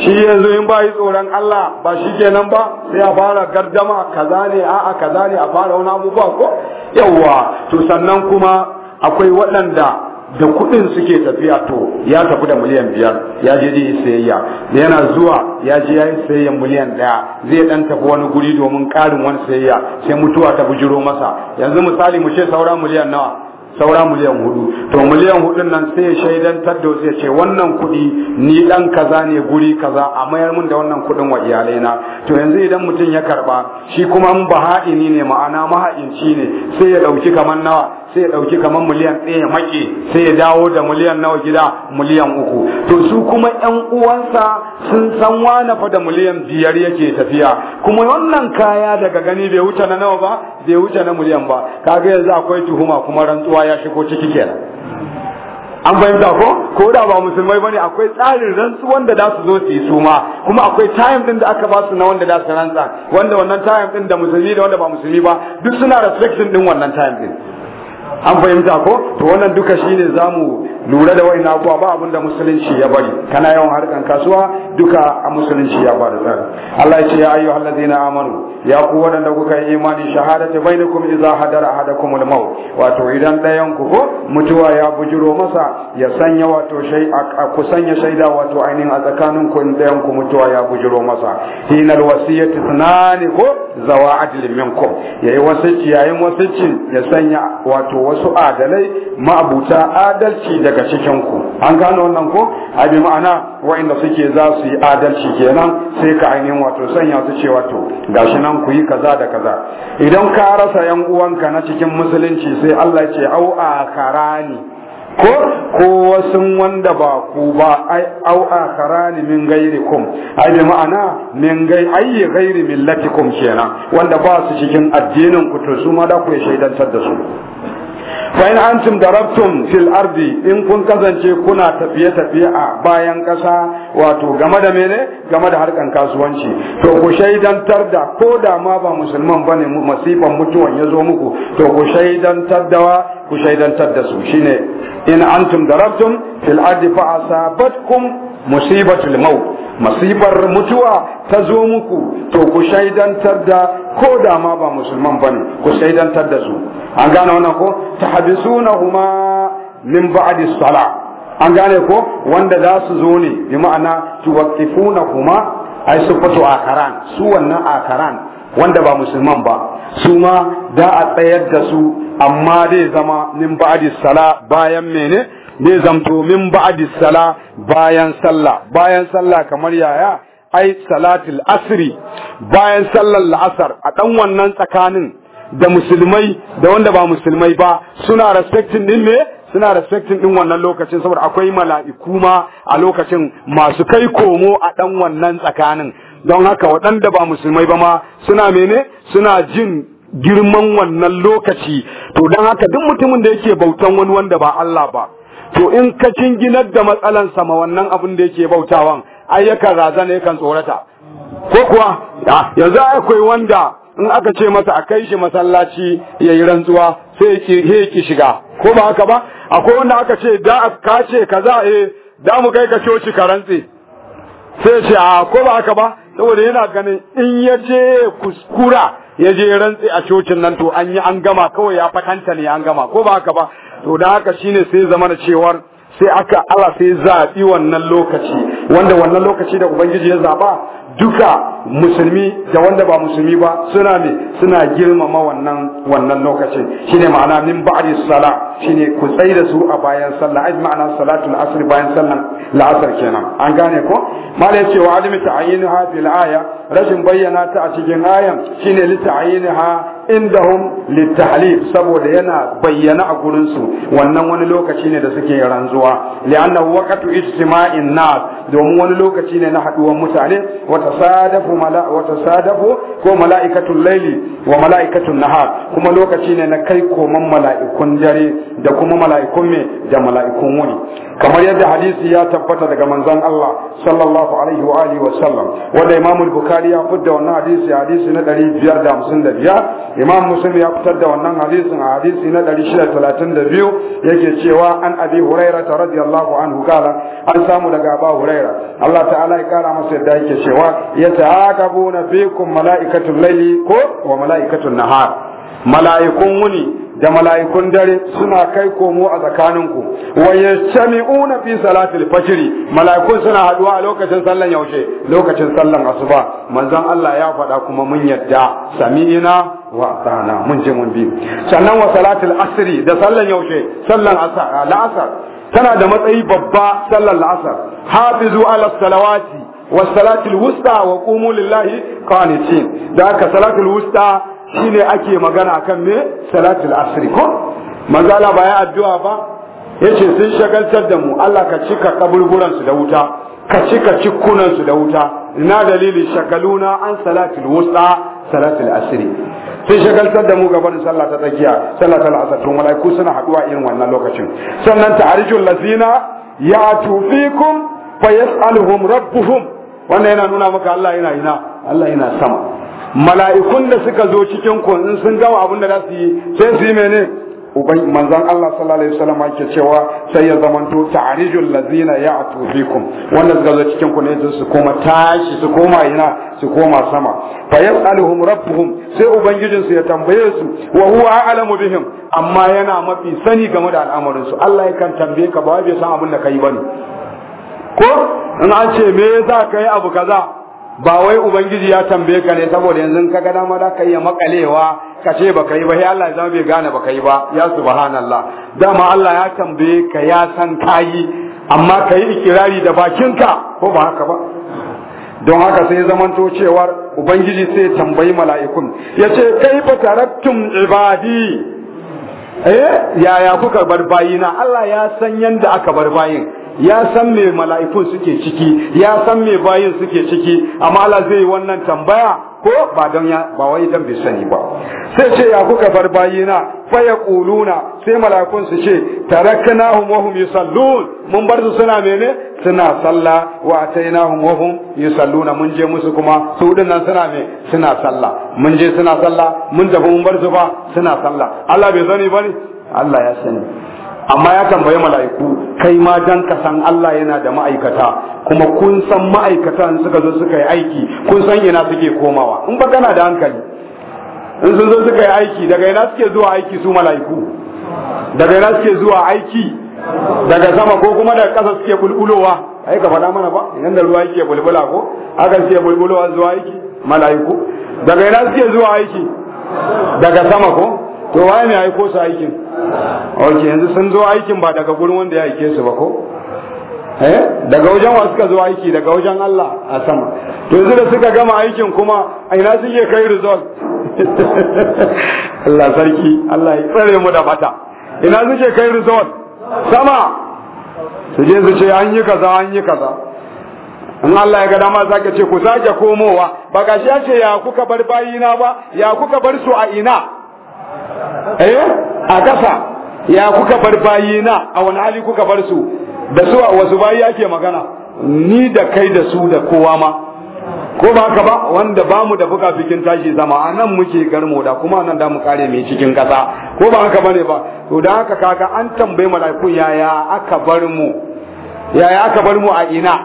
Speaker 1: shi yanzu in ba tsoron Allah ba shi kenan ba sai a fara gardama kaza ne a'a kaza ne a fara wani abubuwa ko yawwa to sannan kuma akwai waɗanda da kuɗin suke tafiya to ya tafi da miliyan biyar ya je yi sayayya yana zuwa ya je ya yi sayayya miliyan ɗaya zai ɗan tafi wani guri domin ƙarin wani sayayya sai mutuwa ta bujiro masa yanzu misali mu ce sauran miliyan nawa saura miliyan hudu to miliyan hudun nan sai shaidantar shaidan wasu ya ce wannan kuɗi ni dan kaza ne guri kaza a mayar mun da wannan kuɗin wa iyalaina to yanzu idan mutum ya karba shi kuma in baha'ini ne ma'ana maha'inci ne sai ya dauki kaman nawa sai ya dauki kaman miliyan ɗaya ya make sai ya dawo da miliyan nawa gida miliyan uku to su kuma ƴan uwansa sun san wane fa da miliyan biyar yake tafiya kuma wannan kaya daga gani bai wuce na nawa ba bai wuce na miliyan ba kaga yanzu akwai tuhuma kuma rantsuwa ya shigo ciki kenan an fahimta ko ko da ba musulmai bane akwai tsarin rantsu wanda za su zo su yi suma kuma akwai time din da aka ba su na wanda za su rantsa wanda wannan time din da musulmi da wanda ba musulmi ba duk suna restriction din wannan time din an fahimta ko to wannan duka shine zamu lura da waina abuwa ba abinda musulunci ya bari kana yawan harkan kasuwa duka a musulunci ya bari. tsari Allah ya ce ya ayyuhal ladina amanu ya ku wadanda kuka yi imani shahadatu bainakum idza hadara ahadakum al-maut wato idan dayan ku ko mutuwa ya bujiro masa ya sanya wato shay ku sanya shaida wato ainin a tsakanin ku dayan ku mutuwa ya bujiro masa hinal wasiyatu tsanani ko zawa minkum yayi wasiyyi yayin wasiyyi ya sanya wato wasu adalai ma'abuta adalci daga cikin ku an gano wannan ko abi ma'ana wa'anda suke za su yi adalci kenan sai ka ainihin wato sanya su ce wato gashi nan ku yi kaza da kaza idan ka rasa yan uwanka na cikin musulunci sai Allah ce au karani ko ko wasu wanda ba ku ba ai au karani min kum ai bi ma'ana min gai ayi gairi millatikum kenan wanda ba su cikin addinin ku to su ma da ku shaidantar da su fa in antum darabtum fil ardi in kun kasance kuna tafiye tafiye a bayan kasa wato game da mene game da harkan kasuwanci to ku shaidantar da ko da ma ba musulman bane masifan mutuwan ya zo muku to ku shaidantar da ku shaidantar da su shine in antum darabtum fil ardi fa asabatkum musibatul maut masibar mutuwa ta zo muku to ku shaidantar da ko da ma ba musulman bane ku shaidantar da su an gane wannan ko tahbisunahuma min ba'di salah an gane ko wanda za su zo ne bi ma'ana tuwaqifunahuma ai sufatu akaran su wannan akaran wanda ba musulman ba su ma da a tsayar da su amma dai zama min ba'di salah bayan mene zai zamto min ba'di sala bayan sallah bayan sallah kamar yaya ai salatul asri bayan sallar la'asar a dan wannan tsakanin da musulmai da wanda ba musulmai ba suna respecting din me suna respecting din wannan lokacin saboda akwai mala'iku ma a lokacin masu kai komo a dan wannan tsakanin don haka waɗanda ba musulmai ba ma suna mene suna jin girman wannan lokaci to don haka duk mutumin da yake bautan wani wanda ba Allah ba to in ka cinginar da matsalansa sama wannan abin da yake bautawan ai raza razana yakan tsorata ko kuwa yanzu akwai wanda in aka ce masa a kai shi masallaci ya yi rantsuwa sai ya ki shiga ko ba haka ba akwai wanda aka ce da ka ce kaza eh da mu kai ka coci ka rantse sai ce a ko ba haka ba saboda yana ganin in ya je kuskura ya je rantse a cocin nan to an yi an gama kawai ya fakanta ne an gama ko ba haka ba to da haka shine sai zama da cewar sai aka Allah sai zaɓi wannan lokaci wanda wannan lokaci da ubangiji ya zaɓa duka musulmi da wanda ba musulmi ba suna ne suna girmama wannan wannan lokacin shine ma'ana min ba'di sala shine ku tsai da su a bayan sallah ai ma'ana salatul asr bayan sallan la'asar kenan an gane ko mala yace wa alimi ta'yinuha fil aya rashin bayyana ta a cikin ayan shine li inda indahum litahlif saboda yana bayyana a gurin su wannan wani lokaci ne da suke rantsuwa li'annahu waqtu ijtima'in nas domin wani lokaci ne na haduwar mutane wa tasadafu mala wa tasadafu ko mala'ikatul laili wa mala'ikatul nahar kuma lokaci ne na kai koman mala'ikun dare da kuma mala'ikun me da mala'ikun wuni kamar yadda hadisi ya tabbata daga manzon Allah sallallahu alaihi wa alihi wa sallam wanda Imam al-Bukhari ya fitar da wannan hadisi hadisi na 555 Imam Muslim ya fitar da wannan hadisin a hadisi na 632 yake cewa an Abi Huraira, radiyallahu anhu kala an samu daga Abu Huraira. Allah ta'ala ya kara masa yadda yake cewa yata'aqabuna fikum malaikatul layli ko wa malaikatul nahar mala'ikun wuni da mala'ikun dare suna kai komo a tsakaninku wa yastami'una fi salatil fajr mala'ikun suna haduwa a lokacin sallan yaushe lokacin sallan asuba manzon Allah ya faɗa kuma mun yadda sami'ina wa atana mun ji mun bi sannan wa salatil asri da sallan yaushe sallan al'asar ah, tana da matsayi babba sallan la'asar hafizu ala salawati wa al wusta wa qumu lillahi qanitin da aka al wusta Shi ne ake magana kan me salatul asri ko mazala ba ya addu'a ba yace sun shagaltar da mu Allah ka cika kaburburan su da wuta ka cika cikkunan su da wuta ina dalili shagaluna an salatul wusta salatul asri sun shagaltar da mu gaban sallah ta tsakiya sallah ta al'asar to malaiku suna haduwa irin wannan lokacin sannan ta'arijul lazina ya'tu fikum fayas'aluhum rabbuhum wannan yana nuna maka Allah yana ina Allah yana sama mala'ikun da suka zo cikin ku in sun gama abin da za su yi sai su yi mene uban manzon Allah sallallahu alaihi wasallam yake cewa sai ya to ta'rijul ladzina ya'tu bikum wanda suka zo cikin ku ne su koma tashi su koma ina su koma sama fa yas'aluhum rabbuhum sai ubangijin su ya tambaye su wa huwa a'lamu bihim amma yana mafi sani game da al'amarin su Allah yakan tambaye ka ba bai san abin da kai bane ko in an ce me za ka yi abu kaza ba wai ubangiji ya tambaye ka ne saboda yanzu ka ga dama da kai ya makalewa ka ce ba kai ba sai Allah ya zama bai gane ba kai ba ya subhanallah dama Allah ya tambaye ka ya san kayi amma kai ikirari da bakinka ko ba haka ba don haka sai zamanto cewar ubangiji sai tambayi mala'ikun ya ce kai ba taraktum ibadi eh yaya kuka bar bayina Allah ya san yanda aka bar bayin ya san me mala'ikun suke ciki ya san me bayin suke ciki amma Allah zai yi wannan tambaya ko ba don ya ba wai dan bai sani ba sai ce ya kuka bar bayina fa yaquluna sai mala'ikun su ce taraknahum wa hum yusallun mun bar su suna mene suna sallah wa atainahum wa hum yusalluna mun je musu kuma su din nan suna me suna sallah mun je suna sallah mun tafi mun bar su ba suna sallah Allah bai sani ne? Allah ya sani amma ya tambayi mala'iku kai ma dan ka san Allah yana da ma'aikata kuma kun san ma'aikatan suka zo suka yi aiki kun san ina suke komawa in ba kana da hankali in sun zo suka yi aiki daga ina suke zuwa aiki su mala'iku daga ina suke zuwa aiki daga sama ko kuma daga ƙasa suke bulbulowa ai ka faɗa mana ba idan da ruwa yake bulbula ko haka suke bulbulowa zuwa aiki mala'iku daga ina suke zuwa aiki
Speaker 2: daga sama ko
Speaker 1: to waye mai aiko su aikin ok yanzu sun zo aikin ba daga gurin wanda ya aike su ba ko eh daga wajen wa suka zo aiki daga wajen Allah a sama to yanzu da suka gama aikin kuma a ina suke kai result Allah sarki Allah ya tsare mu da bata ina suke kai result sama su je su ce an yi kaza an yi kaza in Allah ya ga dama sake ce ku sake komowa ba shi ya ce ya kuka bar bayina ba ya kuka bar su a ina eh a kasa ya kuka bar bayina a wani hali kuka bar su da su wasu bayi yake magana ni da kai da su da kowa ma ko ba haka ba wanda ba mu da buka bikin tashi zama a nan muke garmo da kuma nan da mu kare mai cikin kasa ko ba haka bane ba to da haka kaga an tambaye malaiku yaya aka bar mu yaya aka bar mu a ina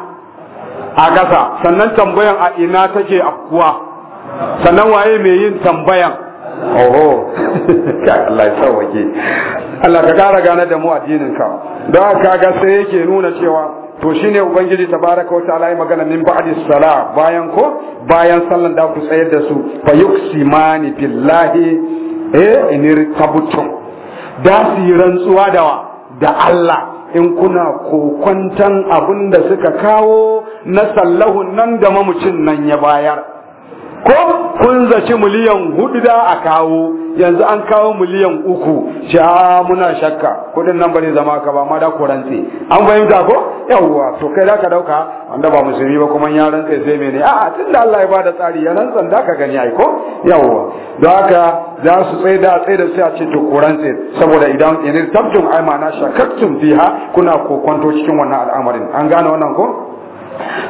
Speaker 1: a kasa sannan tambayan a ina take afkuwa sannan waye mai yin tambayan oho Allah ya sauwake Allah ka kara gane da mu addinin ka don ka ga sai yake nuna cewa to shine ubangiji tabaraka wa ta'ala ya magana min ba'di sala bayan ko bayan sallan da ku tsayar da su fa yuksimani billahi eh inir tabutum da su yi rantsuwa da wa. da Allah in kuna kokwantan abin da suka kawo na sallahu nan da mamucin nan ya bayar ko kun zaci miliyan hudu da a kawo yanzu an kawo miliyan uku ce a muna shakka kudin nan bane zama ka ba ma da ko an fahimta ko yawwa to kai da ka dauka wanda ba musulmi ba kuma ya rantse sai mene a tun da Allah ya bada tsari ya rantsan da ka gani ai ko yawwa don haka za su tsaye da tsaye da sai a ce to ko saboda idan in tabtum ai ma na shakkaktum fiha kuna kokonto cikin wannan al'amarin an gane wannan ko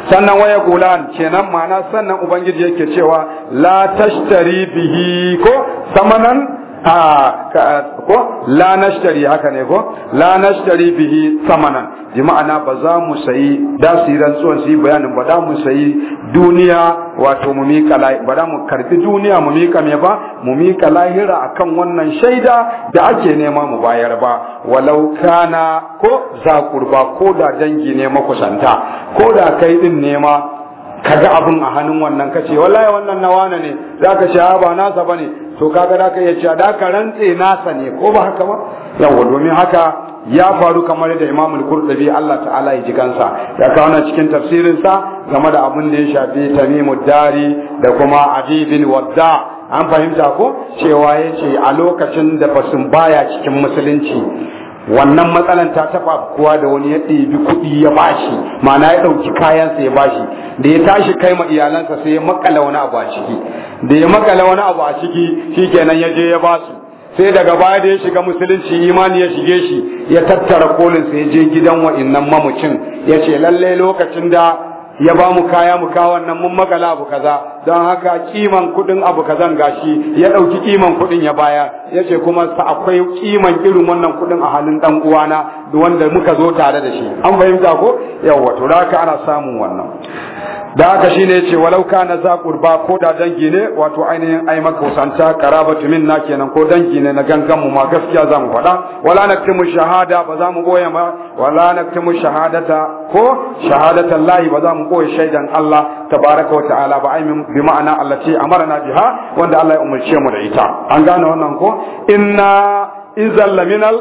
Speaker 1: sannan waya gulan kenan mana sannan ubangiji yake cewa la tashtari bihi ko samanan ko la nashtari haka ne ko la nashtari bihi samanan jima'ana ba za mu sayi da su rantsuwan su bayanin ba da mu sayi duniya wato mu mika ba da mu karbi duniya mu mika me ba mu mika lahira akan wannan shaida da ake nema mu bayar ba walau kana ko za kurba ko da dangi ne makusanta ko da kai din nema Ka ga abun a hannun wannan kace wallahi wannan na wane ne zaka ce ah, ba nasa bane to kaga da ka iya da ka rantse nasa ne ko ba haka ba yawa domin haka ya faru kamar da Imam Al-Qurtubi Allah ta'ala ya ji kansa ya kawo cikin tafsirin sa game da abin da ya shafi Tamimu Dari da kuma ajibin Wadda an fahimta ko cewa yace a lokacin da basun baya cikin musulunci wannan matsalan ta taba kuwa da wani ya ɗebi kuɗi ya bashi ma'ana ya ɗauki kayansa ya bashi da ya tashi kai ma iyalansa sai ya makala wani abu a ciki da ya makala wani abu a ciki shi kenan ya je ya basu sai daga baya da ya shiga musulunci imani ya shige shi ya tattara kolin sai ya je gidan wa'innan mamucin ya ce lallai lokacin da ya ba mu kaya mu kawo wannan mun magala abu kaza don haka kiman kudin abu kazan gashi ya ɗauki kiman kudin ya baya yace kuma sa akwai kiman irin wannan kudin a halin dan uwana wanda muka zo tare da shi an fahimta ko yawa to haka ana samun wannan da haka shine yace walau kana za qurba ko da dangi ne wato ainihin ai maka kusanta min minna kenan ko dangi ne na gangan mu ma gaskiya zamu faɗa wala naktumu shahada ba za mu goye ba wala naktumu shahadata ko shahadata Allah ba za mu goye shaidan Allah tabaraka wa ta'ala ba ai bi ma'ana Allah allati amarna biha wanda Allah ya umurce mu da ita an gane wannan ko inna izal laminal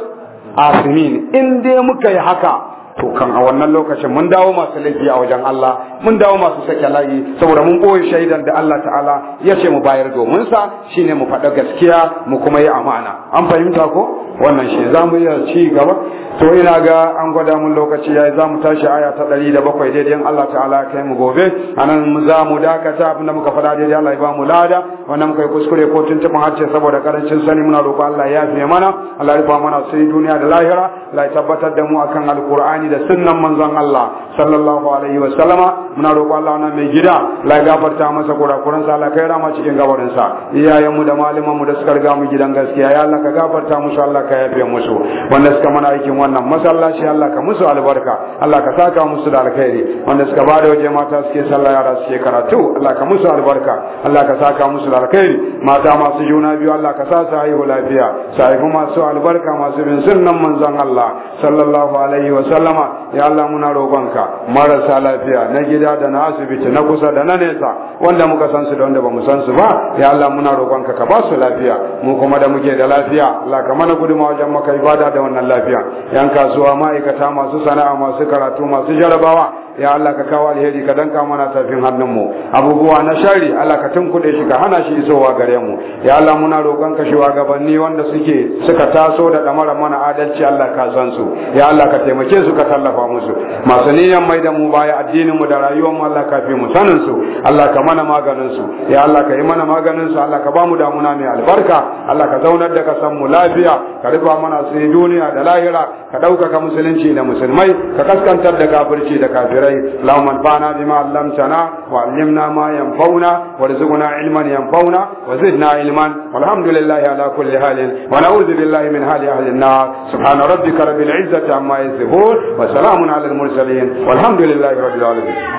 Speaker 1: asimin in dai muka yi haka to kan a wannan lokacin mun dawo masu laifi a wajen Allah mun dawo masu sake layi saboda mun boye shaidan da Allah ta'ala ya ce mu bayar domin sa shine mu faɗa gaskiya mu kuma yi amana an fahimta ko wannan shi za mu iya ci gaba to ina ga an gwada mun lokaci yayi za mu tashi aya ta ɗari da bakwai daidai Allah ta'ala kai mu gobe anan za mu dakata abinda muka faɗa daidai Allah ya ba mu lada wannan muka yi kuskure ko tuntuɓin harce saboda karancin sani muna roƙo Allah ya fiye mana Allah ya rufa mana sai duniya da lahira Allah ya tabbatar da mu akan alqur'ani da sunnan manzon Allah sallallahu alaihi wa sallama muna roƙo Allah wannan mai gida Allah ya gafarta masa kurakuran sa Allah kai rama cikin gabarin sa iyayen mu da malaman mu da suka riga mu gidan gaskiya ya Allah ka gafarta musu Allah ka yafe musu wanda suka mana aikin wannan masallaci Allah ka musu albarka Allah ka saka musu da alkhairi wanda suka bada waje mata suke sallah yara suke karatu Allah ka musu albarka Allah ka saka musu alkhairi mata masu juna biyu Allah ka sa su haihu lafiya su haifi masu albarka masu bin sunnan manzon Allah sallallahu alaihi wa sallama ya Allah muna roƙonka marasa lafiya na gida da na asibiti na kusa da na nesa wanda muka san su da wanda bamu san su ba ya Allah muna roƙonka ka ba su lafiya mu kuma da muke da lafiya Allah ka mana gudunmawa wajen maka ibada da wannan lafiya yan kasuwa ma'aikata masu sana'a masu karatu masu jarabawa ya Allah ka kawo alheri ka danka mana tafin mu. abubuwa na shari Allah ka tunkuɗe shi ka hana shi isowa gare mu ya Allah muna roƙon ka shugabanni wanda suke suka taso da damar mana adalci Allah ka san su ya Allah ka taimake su ka tallafa musu masu niyan mai da mu baya addinin mu da rayuwar mu Allah ka fi mu sanin su Allah ka mana maganin su ya Allah ka yi mana maganin su Allah ka ba mu damuna mai albarka Allah ka zaunar da kasan mu lafiya ka rufa mana sai duniya da lahira ka ɗaukaka musulunci da musulmai ka kaskantar da kafirci da kafirai إليك اللهم انفعنا بما علمتنا وعلمنا ما ينفعنا وارزقنا علما ينفعنا وزدنا علما والحمد لله على كل حال ونعوذ بالله من حال أهل النار سبحان ربك رب العزة عما يصفون وسلام على المرسلين والحمد لله رب العالمين